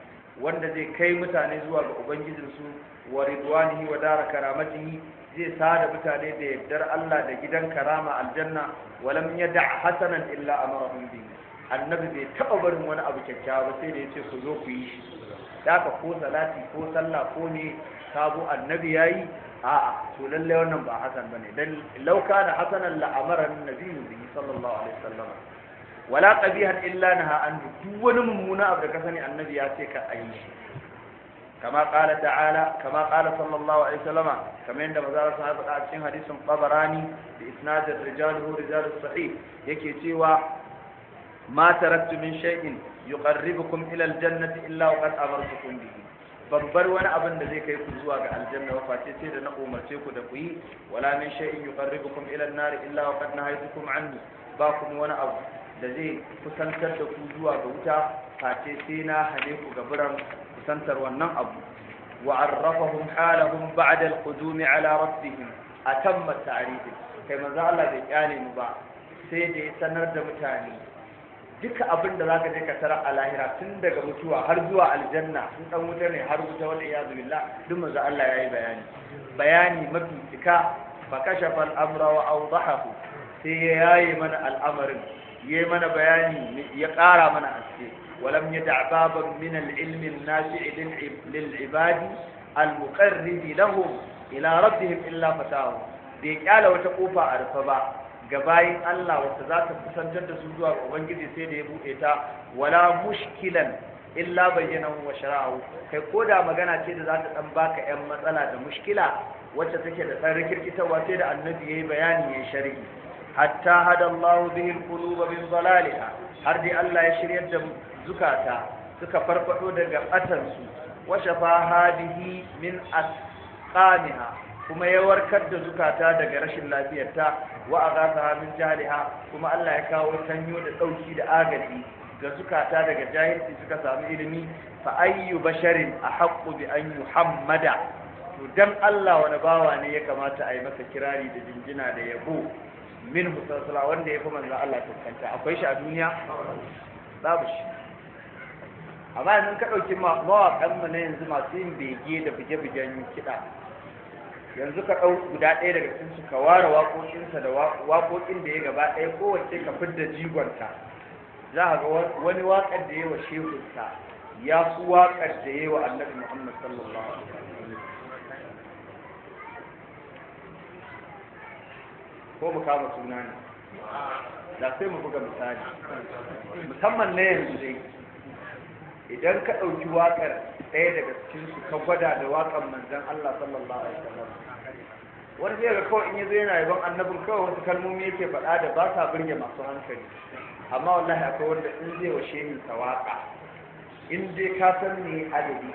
wanda zai kai mutane zuwa ga ubangijinsu wa ridwanihi wa dara karamatihi zai sada mutane da yardar Allah da gidan karama aljanna walam yada hasanan illa amarahum bi annabi bai taba barin wani abu kyakkyawa sai da yace su zo ku yi shi daka ko salati ko sallah ko ne sabo annabi yayi a'a to lalle wannan ba hasan bane dan lauka da hasanan la amara annabi sallallahu alaihi wasallam wala qabihan illa naha an duk wani mummuna abu da ka sani annabi ya ce ka ayi shi kama qala ta'ala kama qala sallallahu alaihi wasallama kamar yadda manzo sa ya faɗa a cikin hadisin Tabarani da isnad rijaluhu rijalus sahih yake cewa ma taraktu min shay'in yuqarribukum ila aljannati illa wa qad amartukum bihi babbar wani abin da zai kai ku zuwa ga aljanna wa face sai da na umarce ku da ku yi wala min shay'in yuqarribukum ila an-nar illa wa qad nahaytukum anhu ba kuma wani abu da zai kusantar da ku zuwa ga wuta face sai na hane ku gaburan kusantar wannan abu wa arrafahum halahum ba'da al-qudumi ala rabbihim atamma ta'rif kai manzo Allah bai kyale mu ba sai da ya sanar da mutane duka abin da zaka je ka tara a lahira tun daga mutuwa har zuwa aljanna sun dan wuta ne har wuta wal iyad billah duk manzo Allah yayi bayani bayani mafi cika fa kashafa al-amra wa awdahahu sai ya yaye mana al'amarin yayi mana bayani ya ƙara mana aske walam yada baban min al-ilm an-nafi' ibadi al-muqarrib lahum ila rabbihim illa fatahu bai kyala wata kofa a rufe ba ga bayin Allah wata za ta kusantar da su zuwa ubangiji sai da ya buɗe ta wala mushkilan illa bayyana wa shara'u kai ko da magana ce da za ta dan baka yan matsala da mushkila wacce take da dan rikirkitarwa sai da annabi yayi bayani yayi sharhi hatta hada Allah bihi al-qulub min har dai Allah ya shiryar da zukata suka farfado daga batan su wa shafa min asqaniha kuma ya warkar da zukata daga rashin lafiyarta wa agasaha min kuma Allah ya kawo tanyo da dauki da agaji ga zukata daga jahilci suka samu ilimi fa ayyu basharin a bi an yuhammada to dan Allah wani bawa ne ya kamata a yi masa kirari da jinjina da yabo min musalsala wanda ya fi manzan Allah tukanta akwai shi a duniya babu shi amma yanzu ka ɗauki mu na yanzu masu yin bege da buge-bugen kiɗa yanzu ka ɗau guda ɗaya daga cikin su ka ware waƙoƙinsa da waƙoƙin da ya gaba ɗaya kowace ka fidda jigonta za a ga wani wakar da ya wa shehunsa ya fi waƙar da ya wa annabi muhammad sallallahu alaihi wasallam ko mu kama suna ne da sai mu buga misali musamman na yanzu dai idan ka ɗauki waƙar ɗaya daga cikinsu ka gwada da waƙar manzan Allah sallallahu alaihi wasallam wani zai ga kawai in yazo yana yaban annabin kawai wasu kalmomi yake faɗa da ba sa burge masu hankali amma wallahi akwai wanda in zai washe min ta waƙa in dai ka san ne adadi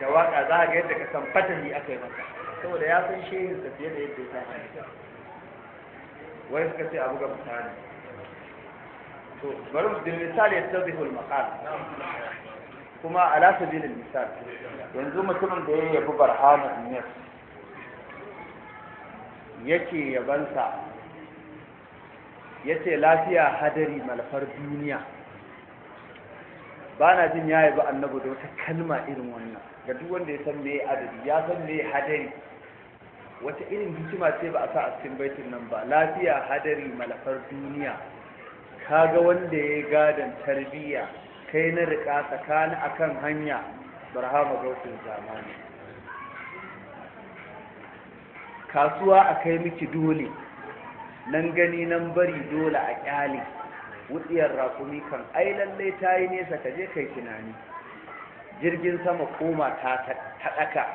da waƙa za ga yadda ka san fatali aka yi masa saboda ya san shehin da fiye da yadda ya san wai suka ce a buga misali to bari mu misali ya tabi maqal kuma ala sabilil misal yanzu mutumin da ya yabi barhana inyas yake yabansa yace lafiya hadari malafar duniya ba na jin ya yabi annabi da wata kalma irin wannan ga duk wanda ya san me adadi ya san me hadari wata irin hikima ce ba a sa a cikin baitin nan ba lafiya hadari malafar duniya kaga wanda ya gadon tarbiyya kai na rika tsakani akan hanya barhama gautin zamani kasuwa a kai miki dole nan gani nan bari dole a kyale wutsiyar rakumi kan ai lallai ta yi nesa kaje kai tunani jirgin sama koma ta taɗaka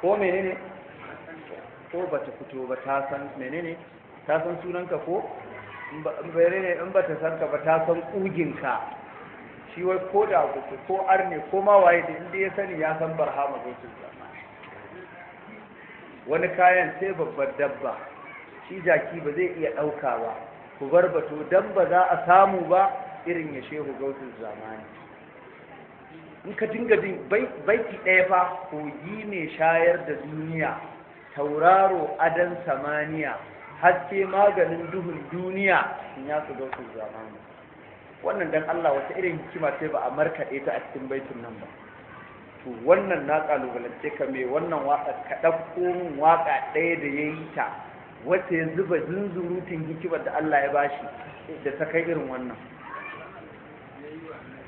ko menene ne ko ba fito ba ta san menene ta san sunanka ko in ba ta san ka ba ta san shi wai ko da kuku ko arne ko ma waye da inda ya sani ya san barhama dokin wani kayan sai babbar dabba shi jaki ba zai iya ɗauka ba ku bar bato dan ba za a samu ba irin ya shehu gautin zamani in ka dinga jin baiti ɗaya fa kogi ne shayar da duniya tauraro adan samaniya haske maganin duhun duniya in ya su gausu zamani wannan dan Allah wata irin hikima sai ba a markaɗe ta a cikin baitin nan ba to wannan na kalubalance ka me wannan waka ka dauko min waka ɗaya da yayi yi ta wata ya zuba zunzurutun hikimar da Allah ya bashi da ta kai irin wannan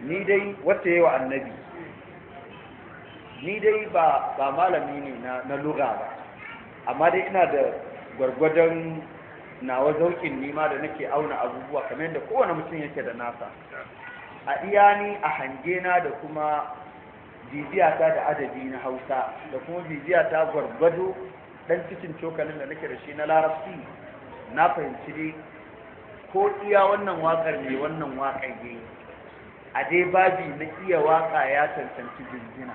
ni dai ya annabi ni dai ba malami ne na na lugha ba amma dai ina da gwargwadon nawa zaukin nima da nake auna abubuwa kamar yadda kowane mutum yake da nasa a iya ni a hange na da kuma bibiyata da adabi na hausa da kuma ta gwargwado dan cikin cokalin da nake da shi na larabci na fahimci dai ko iya wannan wakar ne wannan wakar ne a dai babi na iya waka ya cancanci jinjina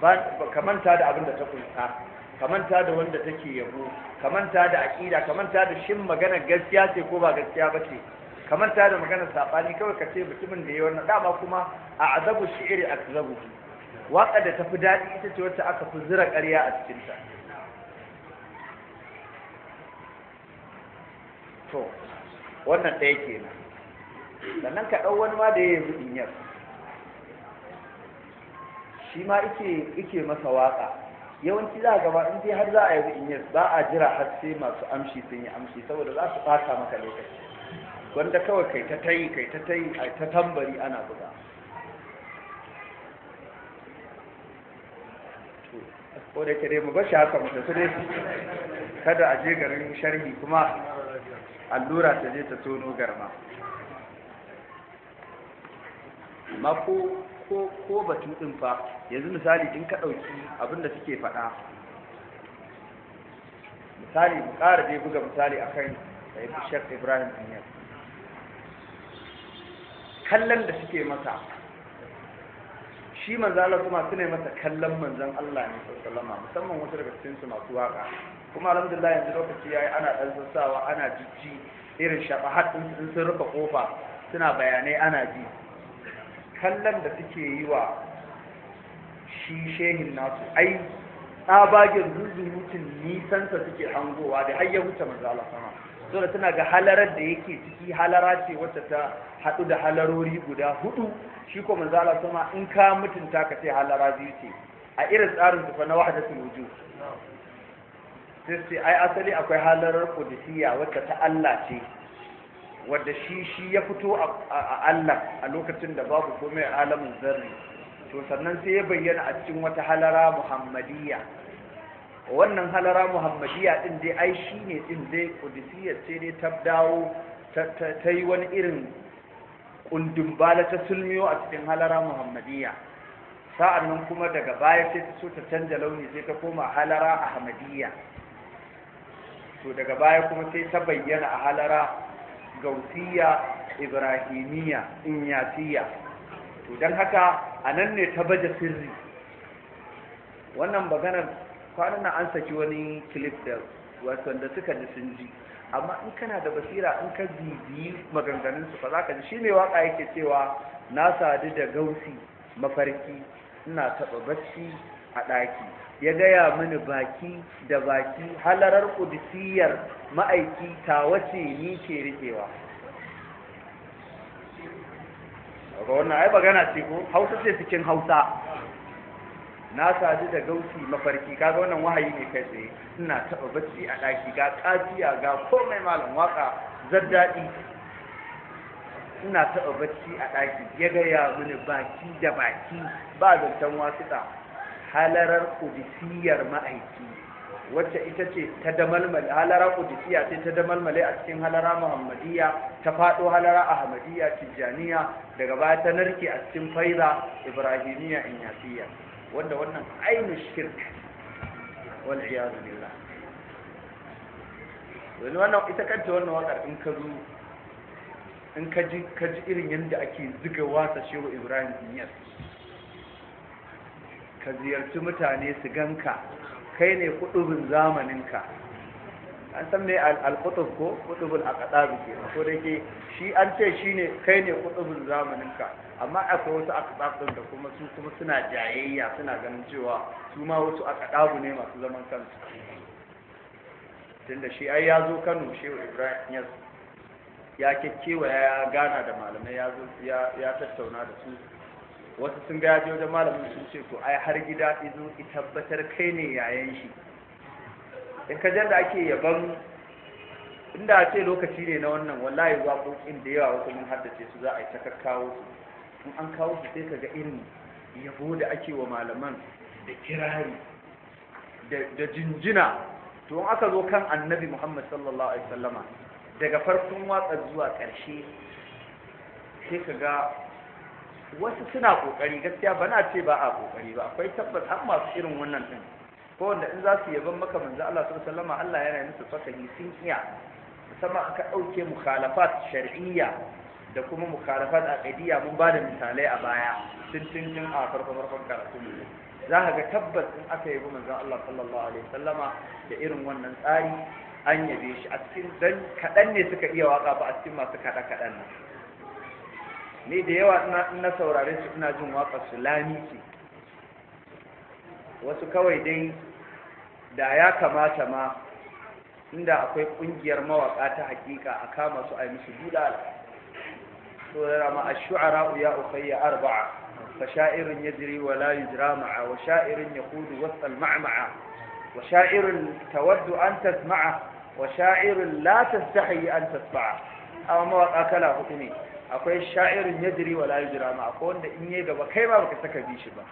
ba ka manta da abin da ta kunsa kamanta da wanda take yabo kamanta da aƙida kamanta da shin magana gaskiya ce ko ba gaskiya ba ce kamanta da magana saɓani kawai ka ce mutumin da ya wannan dama kuma a azabu shi'iri a azabu waka da tafi daɗi ita ce wacce aka fi zira ƙarya a cikinta to wannan ɗaya kenan sannan ka ɗau wani ma da ya yi yau shi ma ike masa waƙa yawanci za a gaba in dai har za a yi inyar ba a jira har sai masu amshi sun yi amshi saboda za su fata maka lokaci wanda kawai kai ta tayi kai ta tayi ta tambari ana buga ko da ke mu bashi haka mu su dai kada a je garin sharhi kuma allura ta je ta tono garma mako ko ko batu din fa yanzu misali in ka dauki abin da suke faɗa misali mu ƙara dai buga misali akan sai Sheikh Ibrahim ya kallon da suke masa shi manzo Allah kuma sune masa kallon manzan Allah ne sallallahu alaihi musamman wasu daga cikin su masu waka kuma alhamdulillah yanzu lokaci yayi ana dan sassawa ana jijji irin shafahat din sun rufe kofa suna bayanai ana ji kallon da suke yi wa shi shehin nasu ai tsabagen zuzurutun nisansa suke hangowa da har ya wuce manzala sama so da tana ga halarar da yake ciki halara ce wacce ta haɗu da halarori guda hudu shi ko manzala sama in ka mutunta ka ce halara biyu ce a irin tsarin su na na su wuju. sai ai asali akwai halarar qudusiyya wacce ta Allah ce wadda shi shi ya fito a Allah a lokacin da babu komai a alamin zarri to sannan sai ya bayyana a cikin wata halara muhammadiyya wannan halara muhammadiyya din dai ai shi ne din dai kudisiyya ce dai ta dawo ta yi wani irin kundin bala ta sulmiyo a cikin halara muhammadiyya sa'an nan kuma daga baya sai ta so ta canja launi sai ta koma halara ahmadiyya to daga baya kuma sai ta bayyana a halara gausiya ibrahimiya inyatiya to don haka a nan ne ta baje sirri wannan maganar kwanan na an saki wani clip da wanda suka ji sun ji amma in kana da basira in ka bibiyi maganganunsu fa za ka ji shi ne waka yake cewa na sadu da gausi mafarki ina taɓa bacci a ɗaki ya gaya mini baki da baki halarar kudisiyar ma'aiki ta wace ni ke rikewa ga wannan ai gana ce ko hausa ce cikin hausa na sadu da gausi mafarki kaga wannan wahayi ne kai tsaye ina taɓa bacci a ɗaki ga ƙafiya ga komai malam waka zaddaɗi ina taɓa bacci a ɗaki ya gaya mini baki da baki ba zancen wasuɗa halarar kudisiyar ma'aiki wacce ita ce ta damalmale Halarar kudisiya ce ta damalmale a cikin halara muhammadiya ta fado halara ahmadiyya tijjaniya daga baya ta narke a cikin faiza ibrahimiyya inyasiyya wanda wannan ainihin shirk wal iyadu billah wani wannan ita kanta wannan wakar in ka zo in ka ji irin yadda ake ziga wasa shehu ibrahim inyas ka ziyarci mutane su ganka kai ne kudubin zamaninka an san me al-qutub ko kudubul aqdab ke ko da ke shi an ce shi ne kai ne kudubin zamaninka amma akwai wasu aqdab da kuma su kuma suna jayayya suna ganin cewa su ma wasu aqdab ne masu zaman kansu tunda shi ai ya zo Kano Shehu Ibrahim ya kekewa ya gana da malamai ya zo ya tattauna da su wasu sun ga yaje wajen malamin sun ce to ai har gida izo ki tabbatar kai ne yayan shi in ka da ake yaban inda a ce lokaci ne na wannan wallahi waƙoƙin da yawa wasu mun haddace su za a yi ta kakkawo su in an kawo su sai ka ga irin yabo da ake wa malaman da kirari da jinjina to in aka zo kan annabi muhammad sallallahu alaihi wasallama daga farkon watsa zuwa ƙarshe sai ka ga wasu suna kokari gaskiya bana ce ba a kokari ba akwai tabbas har masu irin wannan din ko wanda in za su yaban maka manzo Allah sallallahu alaihi Allah yana musu fasali sun iya musamman aka dauke mukhalafat shar'iyya da kuma mukhalafat aqidiyya mun ba da misalai a baya tun tun tun a farko farkon karatu za ka ga tabbas in aka yabi manzo Allah sallallahu alaihi wasallama da irin wannan tsari an yabe shi a cikin dan kadan ne suka iya waka ba a cikin masu kada kadan nan ni da yawa ina in na saurare su ina jin waƙar su lami ce wasu kawai dai da ya kamata ma inda akwai ƙungiyar mawaƙa ta hakika a kama su a yi musu dudal so da rama a shu'ara ya ukhayya arba'a fa sha'irun yajri wa la yujra ma'a wa ya yaqudu wasal ma'ma'a wa sha'irun tawaddu an tasma'a wa sha'irun la tastahi an tasma'a amma mawaƙa kala hudu ne akwai sha'irin yajri wala yajra ma akwai wanda in yayi gaba kai ba baka saka bishi ba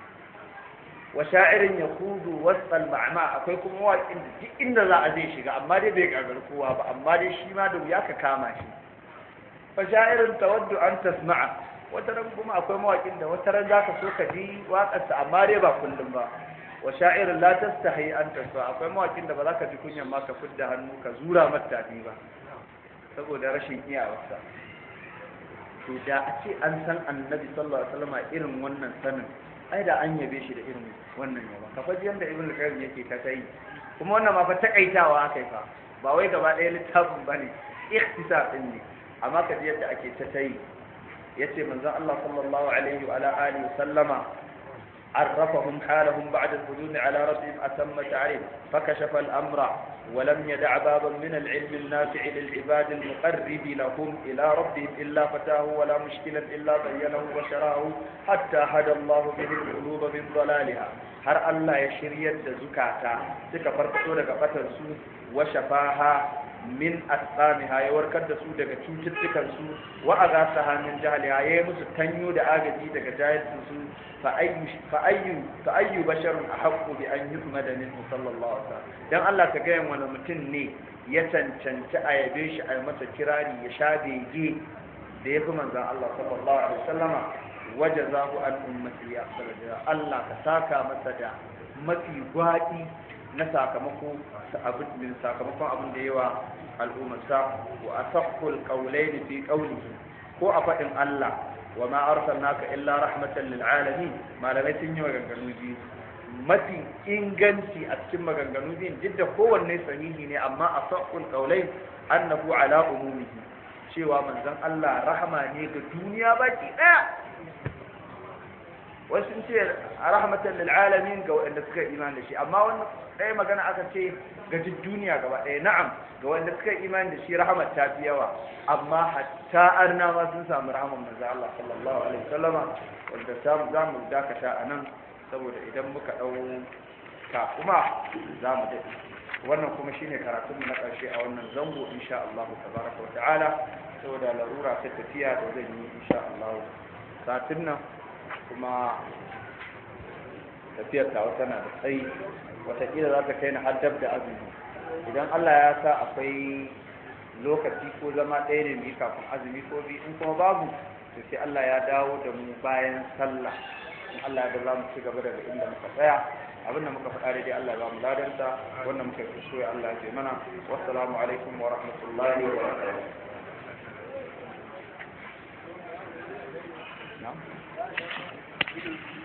wa sha'irin yakudu wasal ma'ma akwai kuma waƙin da duk inda za a zai shiga amma dai bai gagar kowa ba amma dai shi ma da wuya ka kama shi fa sha'irin tawaddu an tasma'a wata ran kuma akwai mawaƙin da wata ran zaka so ka ji waƙarsa amma dai ba kullum ba wa sha'irin la tastahi an tasma'a akwai mawaƙin da ba za ka ji kunyan ma ka fidda hannu ka zura mata ba saboda rashin iyawarsa to da a ce an san annabi sallallahu alaihi wasallam irin wannan sanin ai da an yabe shi da irin wannan yawa ka faji yanda ibn al-qayyim yake ta kai kuma wannan ma fa takaitawa akai fa ba wai gaba ɗaya littafin bane ikhtisar din ne amma ka ji yadda ake ta kai yace manzon Allah sallallahu alaihi wa alihi wasallama عرفهم حالهم بعد الهجوم على ربهم أتم تعريف فكشف الأمر ولم يدع بابا من العلم النافع للعباد المقرب لهم إلى ربهم إلا فتاه ولا مشكلا إلا بينه وشراه حتى هدى الله به القلوب من ضلالها هر الله يشريت زكاتا تكفرت قتل فتنسو وشفاها min asamiha ya warkar da su daga cututtukan su wa azasaha min jahliha ya musu tanyo da agaji daga jahilcin su fa ayyu fa ayyu fa ayyu basharun ahaqqu bi an yuhmada minhu sallallahu alaihi wasallam dan Allah ka gayan wani mutum ne ya cancanci a yabe shi a masa kirari ya sha bege da ya yafi manzon Allah sallallahu alaihi waje wasallama wajazahu an ummati ya Allah ka saka masa da mafi gwadi na sakamako sakamakon abin da yawa al'ummarsa wa asaqqul qawlayn fi qawlihi ko a faɗin Allah wa ma naka illa rahmatan lil alamin malamai sun yi maganganu biyu mafi inganci a cikin maganganu biyun duk da kowanne sahihi ne amma a asaqqul kaulai annahu ala umumihi cewa manzon Allah rahama ne ga duniya baki daya wasu sun ce rahmatan lil alamin ga wanda suka imani da shi amma wani ɗaya magana aka ce ga duk duniya gaba ɗaya na'am ga wanda suka imani da shi rahmat ta fi yawa amma hatta arna ma sun samu rahman manzo Allah sallallahu alaihi wasallama wanda samu za mu dakata a nan saboda idan muka dau ta kuma za mu wannan kuma shine karatunmu na karshe a wannan zango insha Allah tabaraka wa ta'ala saboda larura ta tafiya da zan yi insha Allah satin nan kuma tafiyar tawa tana da tsayi watakila za ta kai na haddab da azumi idan allah ya sa akwai lokaci ko zama ɗaya ne mu kafin azumi ko biyu in kuma babu to sai allah ya dawo da mu bayan sallah in allah ya za mu ci gaba daga inda muka tsaya abin da muka faɗa daidai allah ya ba mu ladanta wannan muka fi so ya allah ya mana wassalamu alaikum wa rahmatullahi wa barakatuh Thank you.